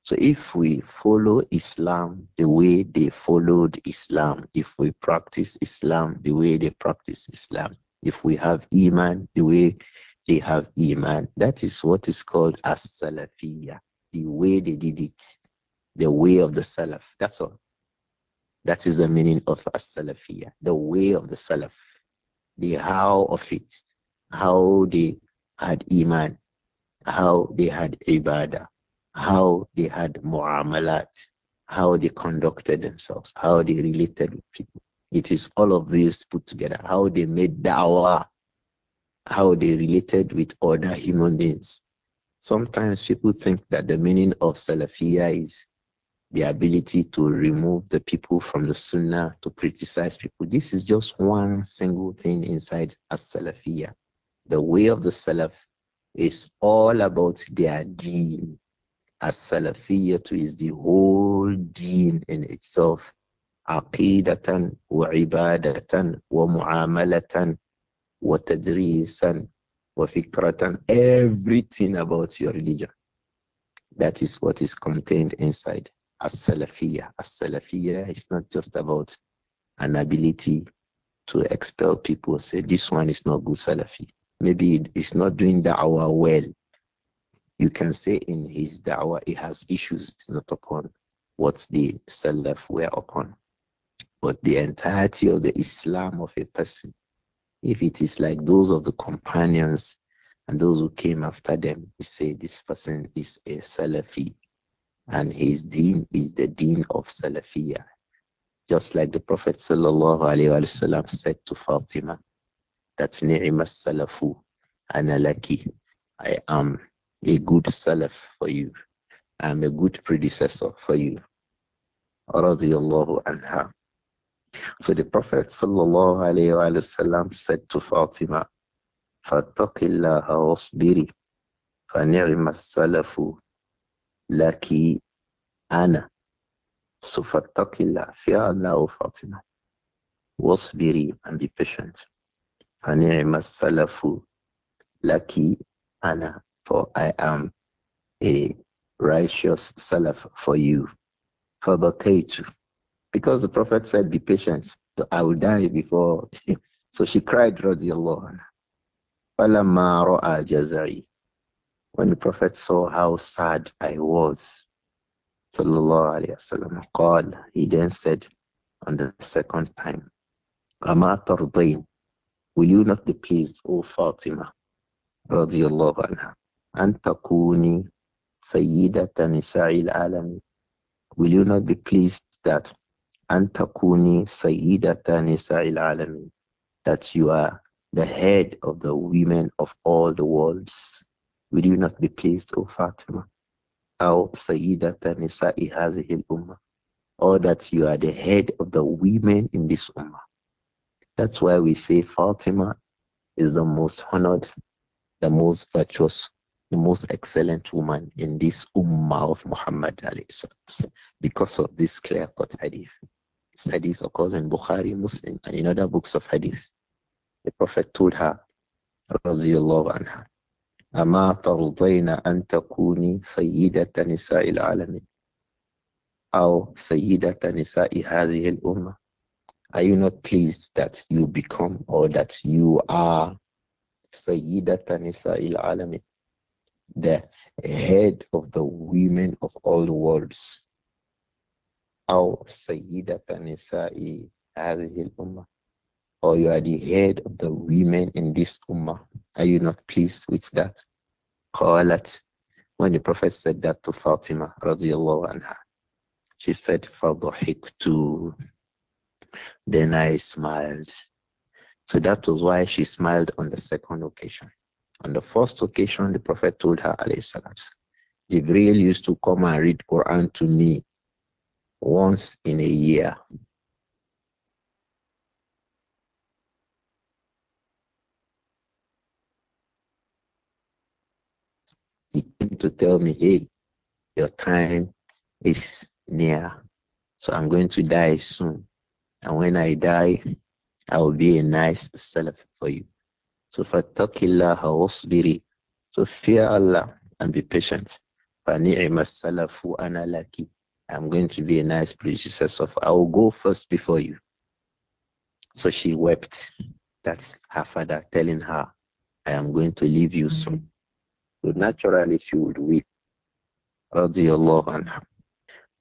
So if we follow Islam the way they followed Islam, if we practice Islam the way they practice Islam, if we have Iman the way they have Iman, that is what is called as Salafiyah, the way they did it, the way of the Salaf. That's all. That is the meaning of as Salafiyah, the way of the Salaf, the how of it, how they had Iman, how they had Ibadah how they had mu'amalat, how they conducted themselves, how they related with people. It is all of this put together, how they made da'wah, how they related with other human beings. Sometimes people think that the meaning of Salafiyah is the ability to remove the people from the Sunnah, to criticize people. This is just one single thing inside as Salafiyah. The way of the Salaf is all about their deen. As-Salafiyyah is the whole deen in itself. Aqidatan wa ibadatan wa mu'amalatan wa tadrisan wa fikratan. Everything about your religion. That is what is contained inside As-Salafiyyah. As-Salafiyyah is not just about an ability to expel people, say this one is not good Salafi. Maybe it's not doing the hour well. You can say in his da'wah he has issues not upon what the Salaf were upon. But the entirety of the Islam of a person, if it is like those of the companions and those who came after them, he say this person is a Salafi and his deen is the deen of Salafiyah. Just like the Prophet wasallam said to Fatima, that ni'mas salafu, analaki, I am a good Salaf for you. I'm a good predecessor for you. Radiallahu anha. So the Prophet وسلم, said to Fatima, فَاتَّقِ اللَّهَ وَاصْبِرِي فَنِعْمَ السَّلَفُ لَكِ أَنَا So فَاتَّقِ اللَّهَ Fear Allah, O Fatima. وَاصْبِرِي And be patient. فَنِعْمَ السَّلَفُ لَكِ أَنَا for I am a righteous Salaf for you. For Bakaitu. Because the Prophet said, Be patient, I will die before. so she cried, al jazari." When the Prophet saw how sad I was, Sallallahu Alaihi Wasallam, he then said on the second time, Ama tardain, will you not be pleased, O Fatima, radiallahu anha? أن تكوني سيدة نساء العالمين Will you not be pleased that أن تكوني سيدة نساء That you are the head of the women of all the worlds Will you not be pleased, O Fatima? أو سيدة نساء هذه الأمة Or that you are the head of the women in this ummah. That's why we say Fatima is the most honored, the most virtuous the most excellent woman in this ummah of Muhammad Ali, because of this clear cut hadith. This hadith occurs in Bukhari, Muslim, and in other books of hadith. The Prophet told her, اللَّهُ عَنْهَا, أما ترضين أن تكوني سيدة نساء العالمين أو سيدة نساء هذه الأمة Are you not pleased that you become or that you are سيدة نساء العالمين the head of the women of all the worlds. أو سيدة Tanisa'i هذه ummah? or you are the head of the women in this ummah. Are you not pleased with that? Qalat, when the Prophet said that to Fatima radiallahu anha, she said, Faduhiktu. Then I smiled. So that was why she smiled on the second occasion. On the first occasion, the Prophet told her, the Jibril used to come and read Quran to me once in a year. He came to tell me, hey, your time is near. So I'm going to die soon. And when I die, I will be a nice Salaf for you. So fattakillaha wasbiri. So fear Allah and be patient. salafu analaki. I'm going to be a nice predecessor. I will go first before you. So she wept. That's her father telling her, I am going to leave you soon. Mm-hmm. So naturally she would weep. anha.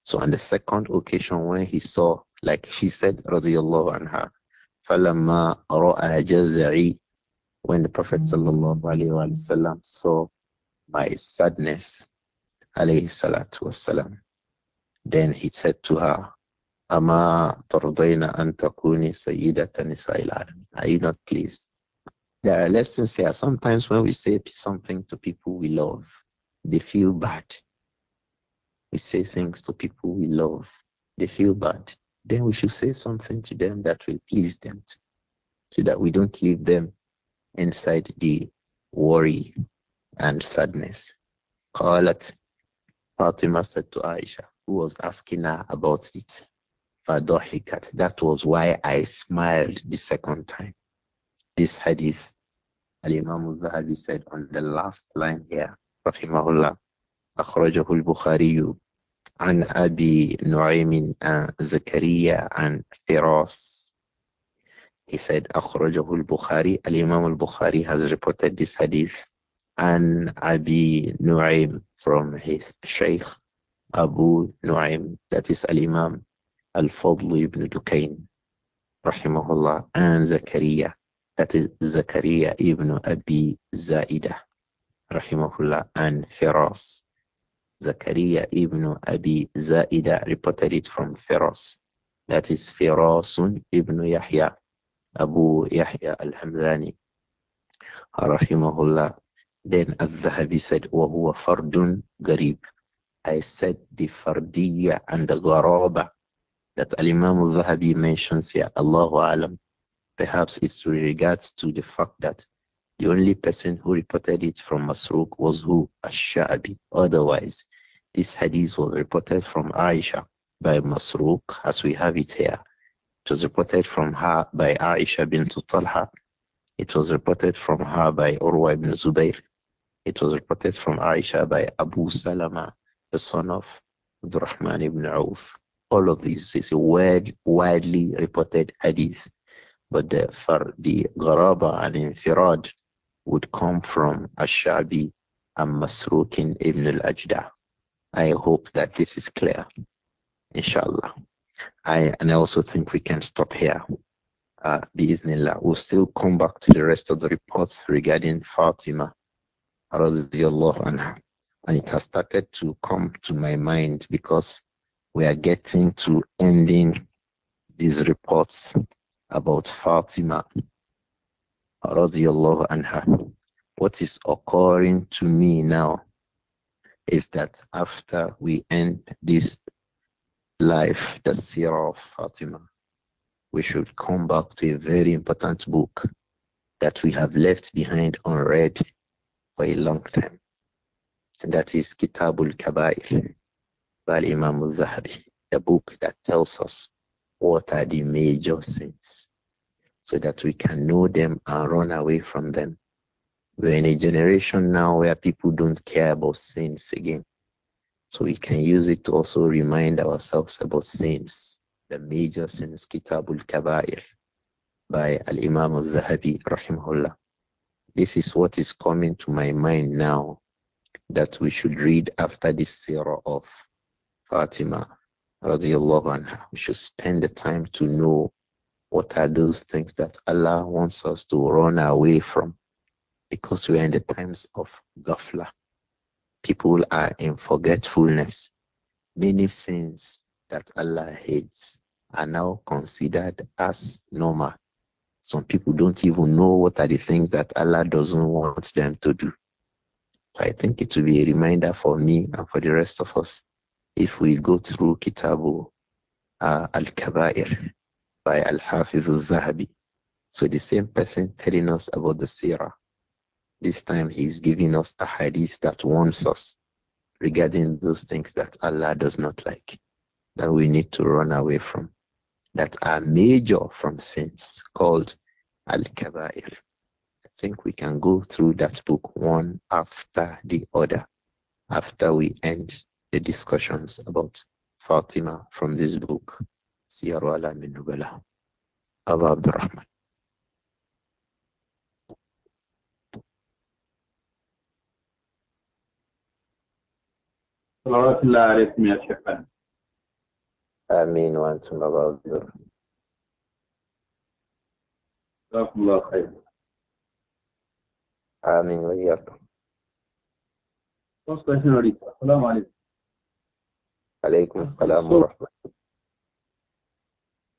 So on the second occasion when he saw, like she said, radiallahu anha, فَلَمَّا رَأَى جَزَعِي when the Prophet mm. wasallam saw my sadness, alayhi salatu wasalam, then he said to her, Ama tardayna antakuni takuni nisa'il Are you not pleased? There are lessons here. Sometimes when we say something to people we love, they feel bad. We say things to people we love, they feel bad. Then we should say something to them that will please them, so that we don't leave them inside the worry and sadness. قالت Fatima said to Aisha, who was asking her about it, فضحكت. That was why I smiled the second time. This hadith, Al-Imam zahabi said on the last line here, rahimahullah, أخرجه البخاري عن أبي نعيم زكريا عن فراس he said, Akhrajahu al-Bukhari, al-Imam al-Bukhari has reported this hadith, and Abi Nuaim from his Shaykh Abu Nuaim. that is al-Imam al-Fadl ibn Dukain, rahimahullah, and Zakaria, that is Zakaria ibn Abi Zaida, rahimahullah, and Firas. Zakaria ibn Abi Zaida reported it from Firas. That is Firasun ibn Yahya Abu Yahya al-Hamdani rahimahullah. Then Al-Zahabi said, huwa فَرْدٌ garib I said the Fardiyya and the Garaba that Al-Imam al-Zahabi mentions here, Allahu Alam. Perhaps it's with regards to the fact that the only person who reported it from Masruq was who? Ash-Sha'bi. Otherwise, this hadith was reported from Aisha by Masruq as we have it here. It was reported from her by Aisha bint Talha. It was reported from her by Urwa ibn Zubayr. It was reported from Aisha by Abu Salama, the son of Abdurrahman ibn Auf. All of these is a wide, widely reported hadith. But the, for the garaba and Infirad would come from Ash-Shabi and Masrukin ibn al-Ajda. I hope that this is clear. Inshallah. I and I also think we can stop here. Uh, We'll still come back to the rest of the reports regarding Fatima, anha. and it has started to come to my mind because we are getting to ending these reports about Fatima, anha. What is occurring to me now is that after we end this life, the Sirah of Fatima, we should come back to a very important book that we have left behind unread for a long time. And that is Kitabul Kabair by Imam al-Zahabi, the book that tells us what are the major sins so that we can know them and run away from them. We're in a generation now where people don't care about sins again. So we can use it to also remind ourselves about sins, the major sins, Kitabul Kabair by Al Imam al Zahabi, Rahimahullah. This is what is coming to my mind now that we should read after this seerah of Fatima, radiallahu anha. We should spend the time to know what are those things that Allah wants us to run away from because we are in the times of ghafla. People are in forgetfulness. Many sins that Allah hates are now considered as normal. Some people don't even know what are the things that Allah doesn't want them to do. So I think it will be a reminder for me and for the rest of us if we go through Kitabu uh, Al Kabair by Al Hafiz al Zahabi. So the same person telling us about the Sirah this time he is giving us a hadith that warns us regarding those things that Allah does not like, that we need to run away from, that are major from sins called Al Kabair. I think we can go through that book one after the other after we end the discussions about Fatima from this book, Siyarwala Minubala. Allah Abdurrahman. salawat illa alaykum ya shaykhan wa antum abadur jazakumullah khayr ameen wa iyyakum first question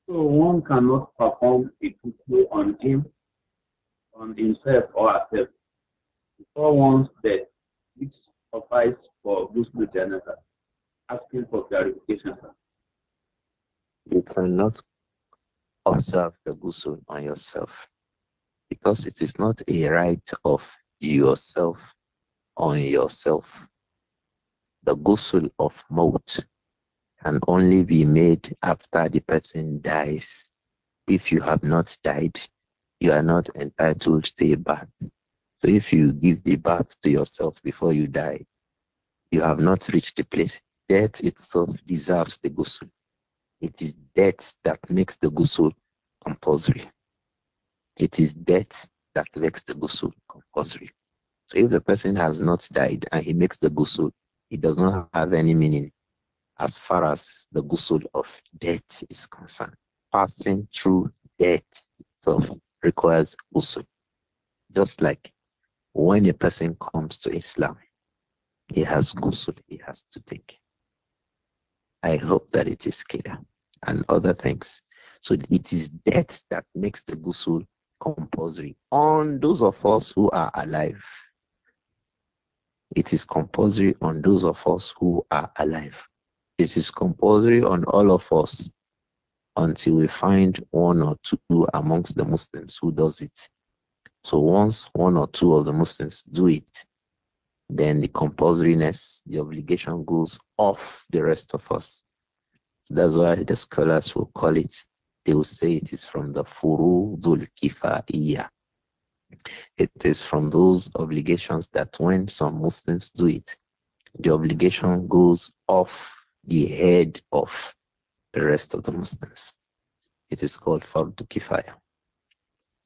so one cannot perform it on him on himself or herself before one's death suffice for Ghusl general, Asking for clarification, sir. You cannot observe the Ghusl on yourself because it is not a right of yourself on yourself. The Ghusl of Maut can only be made after the person dies. If you have not died, you are not entitled to a bath. So if you give the bath to yourself before you die, you have not reached the place. Death itself deserves the ghusl. It is death that makes the ghusl compulsory. It is death that makes the ghusl compulsory. So if the person has not died and he makes the ghusl, it does not have any meaning as far as the ghusl of death is concerned. Passing through death itself requires ghusl. Just like when a person comes to Islam, he has ghusl he has to take. I hope that it is clear and other things. So it is death that makes the ghusl compulsory on those of us who are alive. It is compulsory on those of us who are alive. It is compulsory on all of us until we find one or two amongst the Muslims who does it so once one or two of the Muslims do it, then the compulsoriness, the obligation goes off the rest of us. So that's why the scholars will call it, they will say it is from the Furudul Kifa'iyya. It is from those obligations that when some Muslims do it, the obligation goes off the head of the rest of the Muslims. It is called Fardu Kifaya.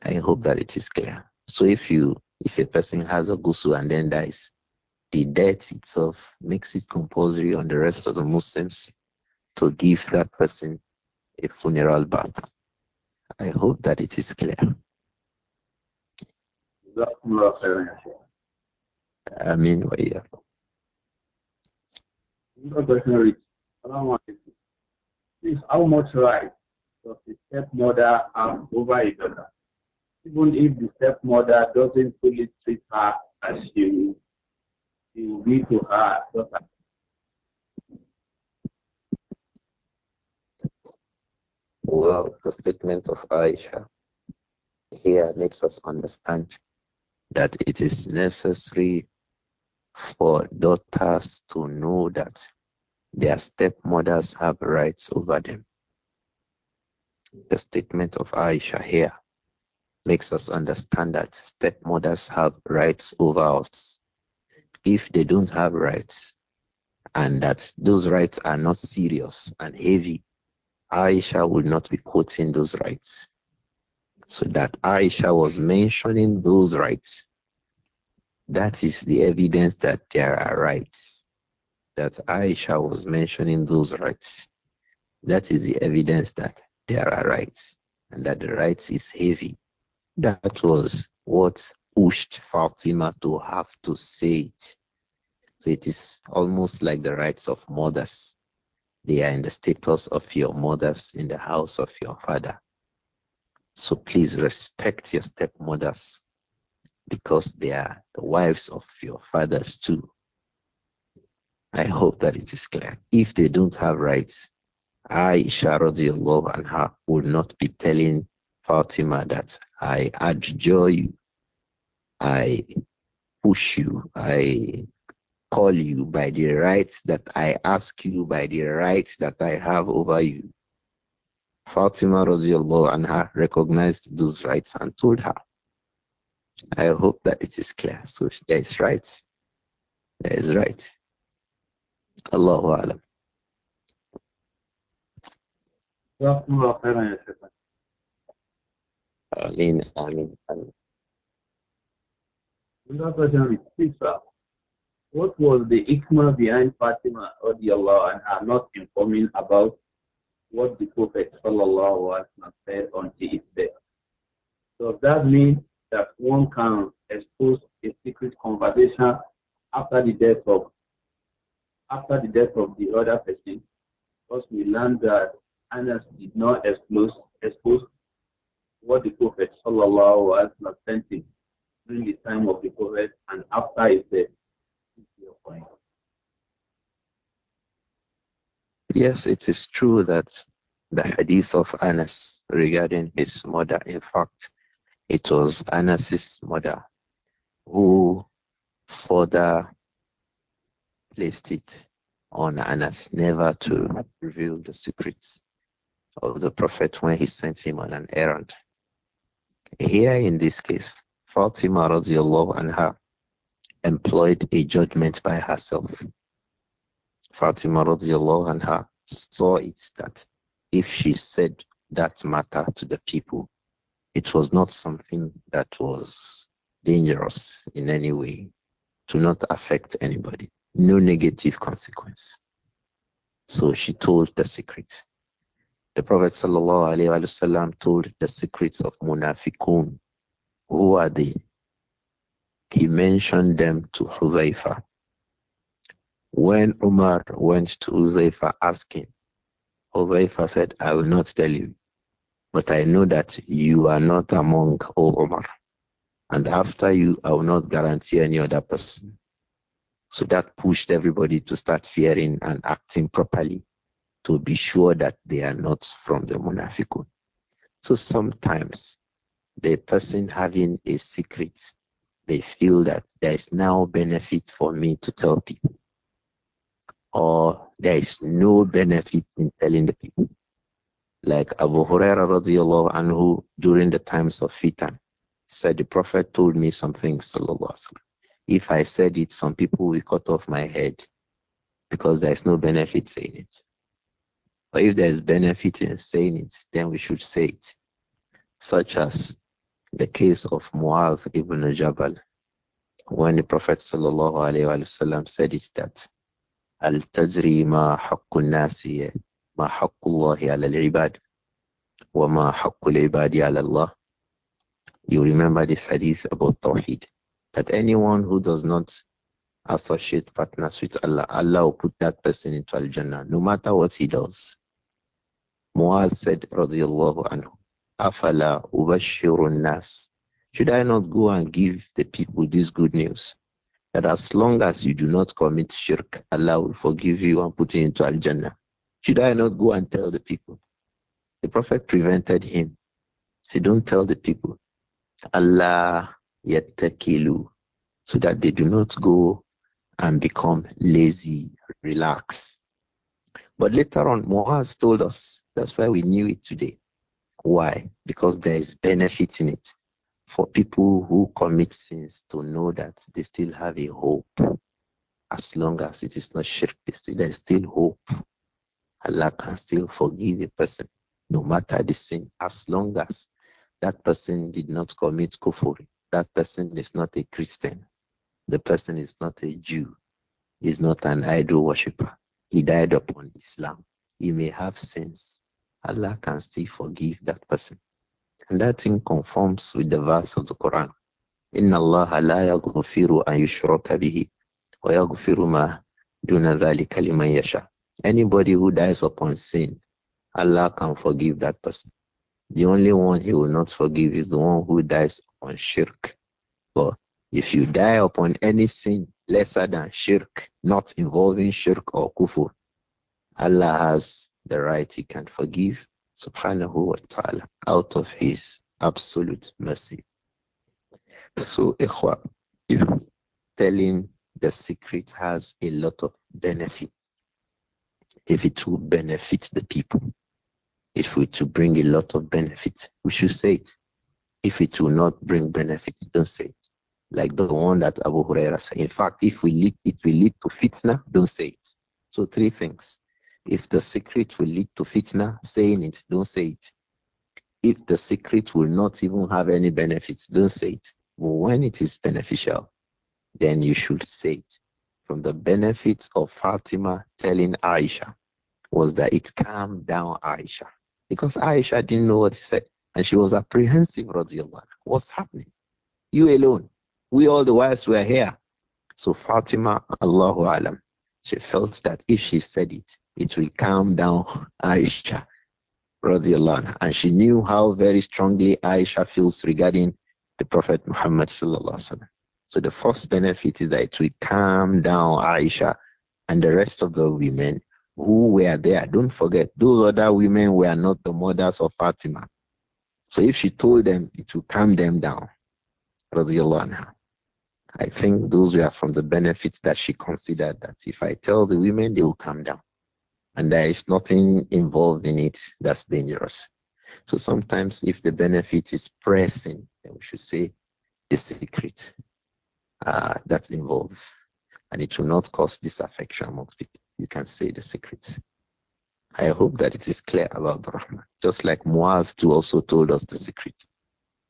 I hope that it is clear. So if you if a person has a gusu and then dies, the death itself makes it compulsory on the rest of the Muslims to give that person a funeral bath. I hope that it is clear. I mean, well, yeah. Please, how much right does a stepmother have over a daughter? even if the stepmother doesn't fully treat her as she, you will be to her daughter. Well, the statement of Aisha here makes us understand that it is necessary for daughters to know that their stepmothers have rights over them. The statement of Aisha here makes us understand that stepmothers have rights over us. If they don't have rights, and that those rights are not serious and heavy, Aisha would not be quoting those rights. So that Aisha was mentioning those rights. That is the evidence that there are rights. That Aisha was mentioning those rights. That is the evidence that there are rights and that the rights is heavy that was what pushed Fatima to have to say it. So it is almost like the rights of mothers. They are in the status of your mothers in the house of your father. So please respect your stepmothers because they are the wives of your fathers too. I hope that it is clear. If they don't have rights, Aisha radiallahu anha would not be telling Fatima that I adjure you, I push you, I call you by the rights that I ask you, by the rights that I have over you. Fatima and anha recognized those rights and told her. I hope that it is clear. So there is rights. There is right. Allahu Alam. Um, what was the ikma behind Fatima radiallahu anha not informing about what the Prophet sallallahu said on his death? So that means that one can expose a secret conversation after the death of after the death of the other person? Because we learned that Anas did not expose expose what the Prophet sallallahu alaihi sent him during the time of the Prophet and after his death. Yes, it is true that the hadith of Anas regarding his mother, in fact, it was Anas's mother who further placed it on Anas never to reveal the secrets of the Prophet when he sent him on an errand. Here in this case, Fatima radiallahu anha employed a judgment by herself. Fatima radiallahu anha saw it that if she said that matter to the people, it was not something that was dangerous in any way, to not affect anybody, no negative consequence. So she told the secret. The Prophet وسلم, told the secrets of Munafiqun. Who are they? He mentioned them to Huzaifa. When Umar went to Huzaifa asking, Huzaifa said, I will not tell you, but I know that you are not among, O Umar. And after you, I will not guarantee any other person. So that pushed everybody to start fearing and acting properly to be sure that they are not from the munafiqun. So sometimes the person having a secret, they feel that there is now benefit for me to tell people, or there is no benefit in telling the people. Like Abu Huraira radiallahu anhu during the times of fitan, said the Prophet told me something, sallallahu alaihi wasallam. If I said it, some people will cut off my head because there is no benefit in it. But if there is benefit in saying it, then we should say it, such as the case of Mu'adh ibn Jabal, when the Prophet وسلم, said it that Al Tajri ma haqqul nasi ma haqqullahi ala al-ibad wa ma haqqul ibadi ala Allah. You remember this hadith about Tawheed, that anyone who does not associate partners with Allah, Allah will put that person into Al Jannah, no matter what he does. Muaz said, Radiallahu anhu, Afala ubashirun nas. Should I not go and give the people this good news? That as long as you do not commit shirk, Allah will forgive you and put you into Al Jannah. Should I not go and tell the people? The Prophet prevented him. He Don't tell the people. Allah yattakilu so that they do not go and become lazy, relax. But later on, Moaz told us that's why we knew it today. Why? Because there is benefit in it for people who commit sins to know that they still have a hope. As long as it is not shirk, there's still hope. Allah can still forgive a person, no matter the sin, as long as that person did not commit kufr. That person is not a Christian. The person is not a Jew, is not an idol worshiper. He died upon Islam. He may have sins. Allah can still forgive that person. And that thing conforms with the verse of the Quran. إن Allah لا يغفر أن bihi, wa ويغفر ما دون ذلك Anybody who dies upon sin, Allah can forgive that person. The only one he will not forgive is the one who dies on shirk. But if you die upon any sin lesser than shirk, not involving shirk or kufur, Allah has the right, He can forgive, subhanahu wa ta'ala, out of His absolute mercy. So, ikhwa, if telling the secret has a lot of benefits, if it will benefit the people, if it will bring a lot of benefit, we should say it. If it will not bring benefit, don't say it like the one that Abu Huraira said. In fact, if we leak, it will lead to fitna, don't say it. So three things. If the secret will lead to fitna, saying it, don't say it. If the secret will not even have any benefits, don't say it. But when it is beneficial, then you should say it. From the benefits of Fatima telling Aisha was that it calmed down Aisha. Because Aisha didn't know what to say. And she was apprehensive, Radiallah. What's happening? You alone. We all the wives were here. So Fatima, Allahu Alam, she felt that if she said it, it will calm down Aisha, radiallahu And she knew how very strongly Aisha feels regarding the Prophet Muhammad sallallahu alaihi wasallam. So the first benefit is that it will calm down Aisha and the rest of the women who were there. Don't forget, those other women were not the mothers of Fatima. So if she told them, it will calm them down. Radiallahu anha. I think those were from the benefits that she considered that if I tell the women, they will calm down. And there is nothing involved in it that's dangerous. So sometimes if the benefit is pressing, then we should say the secret uh, that's involved. And it will not cause disaffection amongst people. You can say the secret. I hope that it is clear about the Rahman. Just like Muaz too also told us the secret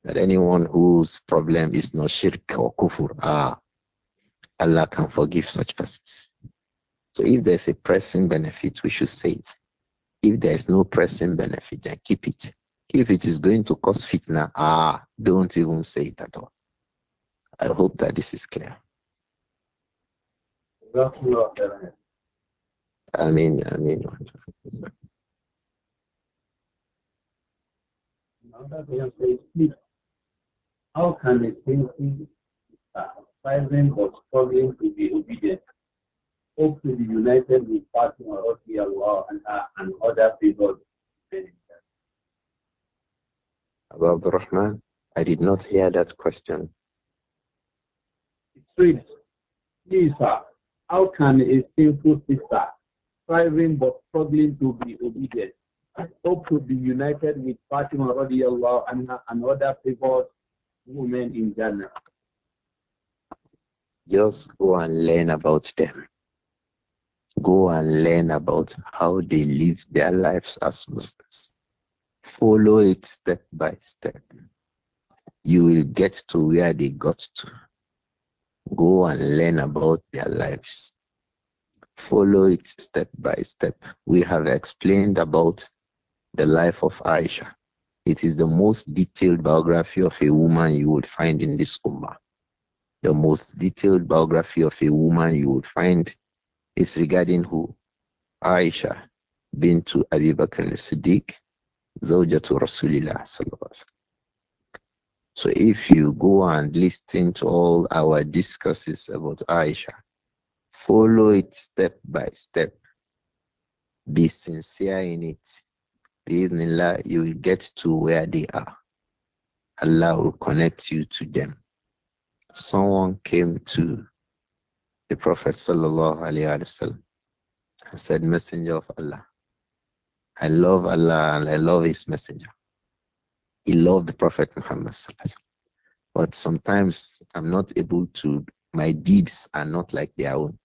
that anyone whose problem is not shirk or kufur, ah, Allah can forgive such persons. So if there's a pressing benefit, we should say it. If there's no pressing benefit, then keep it. If it is going to cause fitna, ah, don't even say it at all. I hope that this is clear. I mean, I mean. How can a sister, aspiring but uh, struggling to be obedient hope to be united with Fatima Rossi and and other people? ministers? Abu Rahman, I did not hear that question. It reads, Please, sir, how can a sinful sister, striving but struggling to be obedient, hope to be united with Fatima radiallahu and other people? women in Ghana. Just go and learn about them. Go and learn about how they live their lives as Muslims. Follow it step by step. You will get to where they got to. Go and learn about their lives. Follow it step by step. We have explained about the life of Aisha it is the most detailed biography of a woman you would find in this book. The most detailed biography of a woman you would find is regarding who? Aisha bintu Abi Bakr al-Siddiq, Zawjatu Rasulillah sallallahu So if you go and listen to all our discussions about Aisha, follow it step by step. Be sincere in it Bismillah, you will get to where they are. Allah will connect you to them. Someone came to the Prophet sallallahu alayhi wasallam and said, "Messenger of Allah, I love Allah and I love His Messenger. He loved the Prophet Muhammad sallallahu but sometimes I'm not able to. My deeds are not like their own."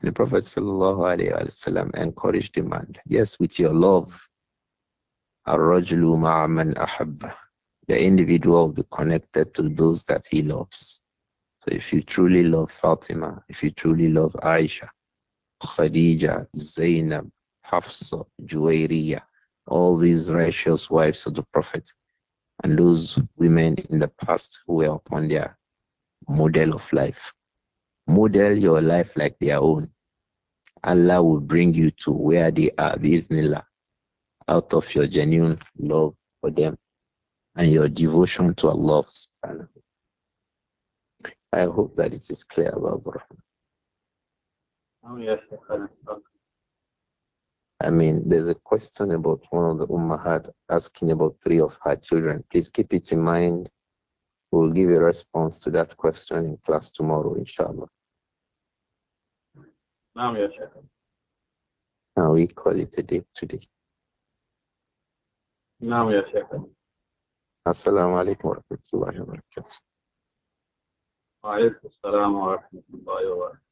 And the Prophet sallallahu alayhi wasallam encouraged the man, "Yes, with your love." Ar-rajulu ma'aman ahabba. The individual will be connected to those that he loves. So if you truly love Fatima, if you truly love Aisha, Khadija, Zainab, Hafsa, Juwairiyah, all these righteous wives of the Prophet, and those women in the past who were upon their model of life. Model your life like their own. Allah will bring you to where they are, Bismillah out of your genuine love for them and your devotion to Allah subhanahu. I hope that it is clear, Barbara. Oh, yes, I mean, there's a question about one of the Ummahat asking about three of her children. Please keep it in mind. We'll give a response to that question in class tomorrow, inshallah. Oh, now we call it a day today. نعم يا شيخ السلام عليكم ورحمة الله وبركاته وعليكم السلام ورحمة الله وبركاته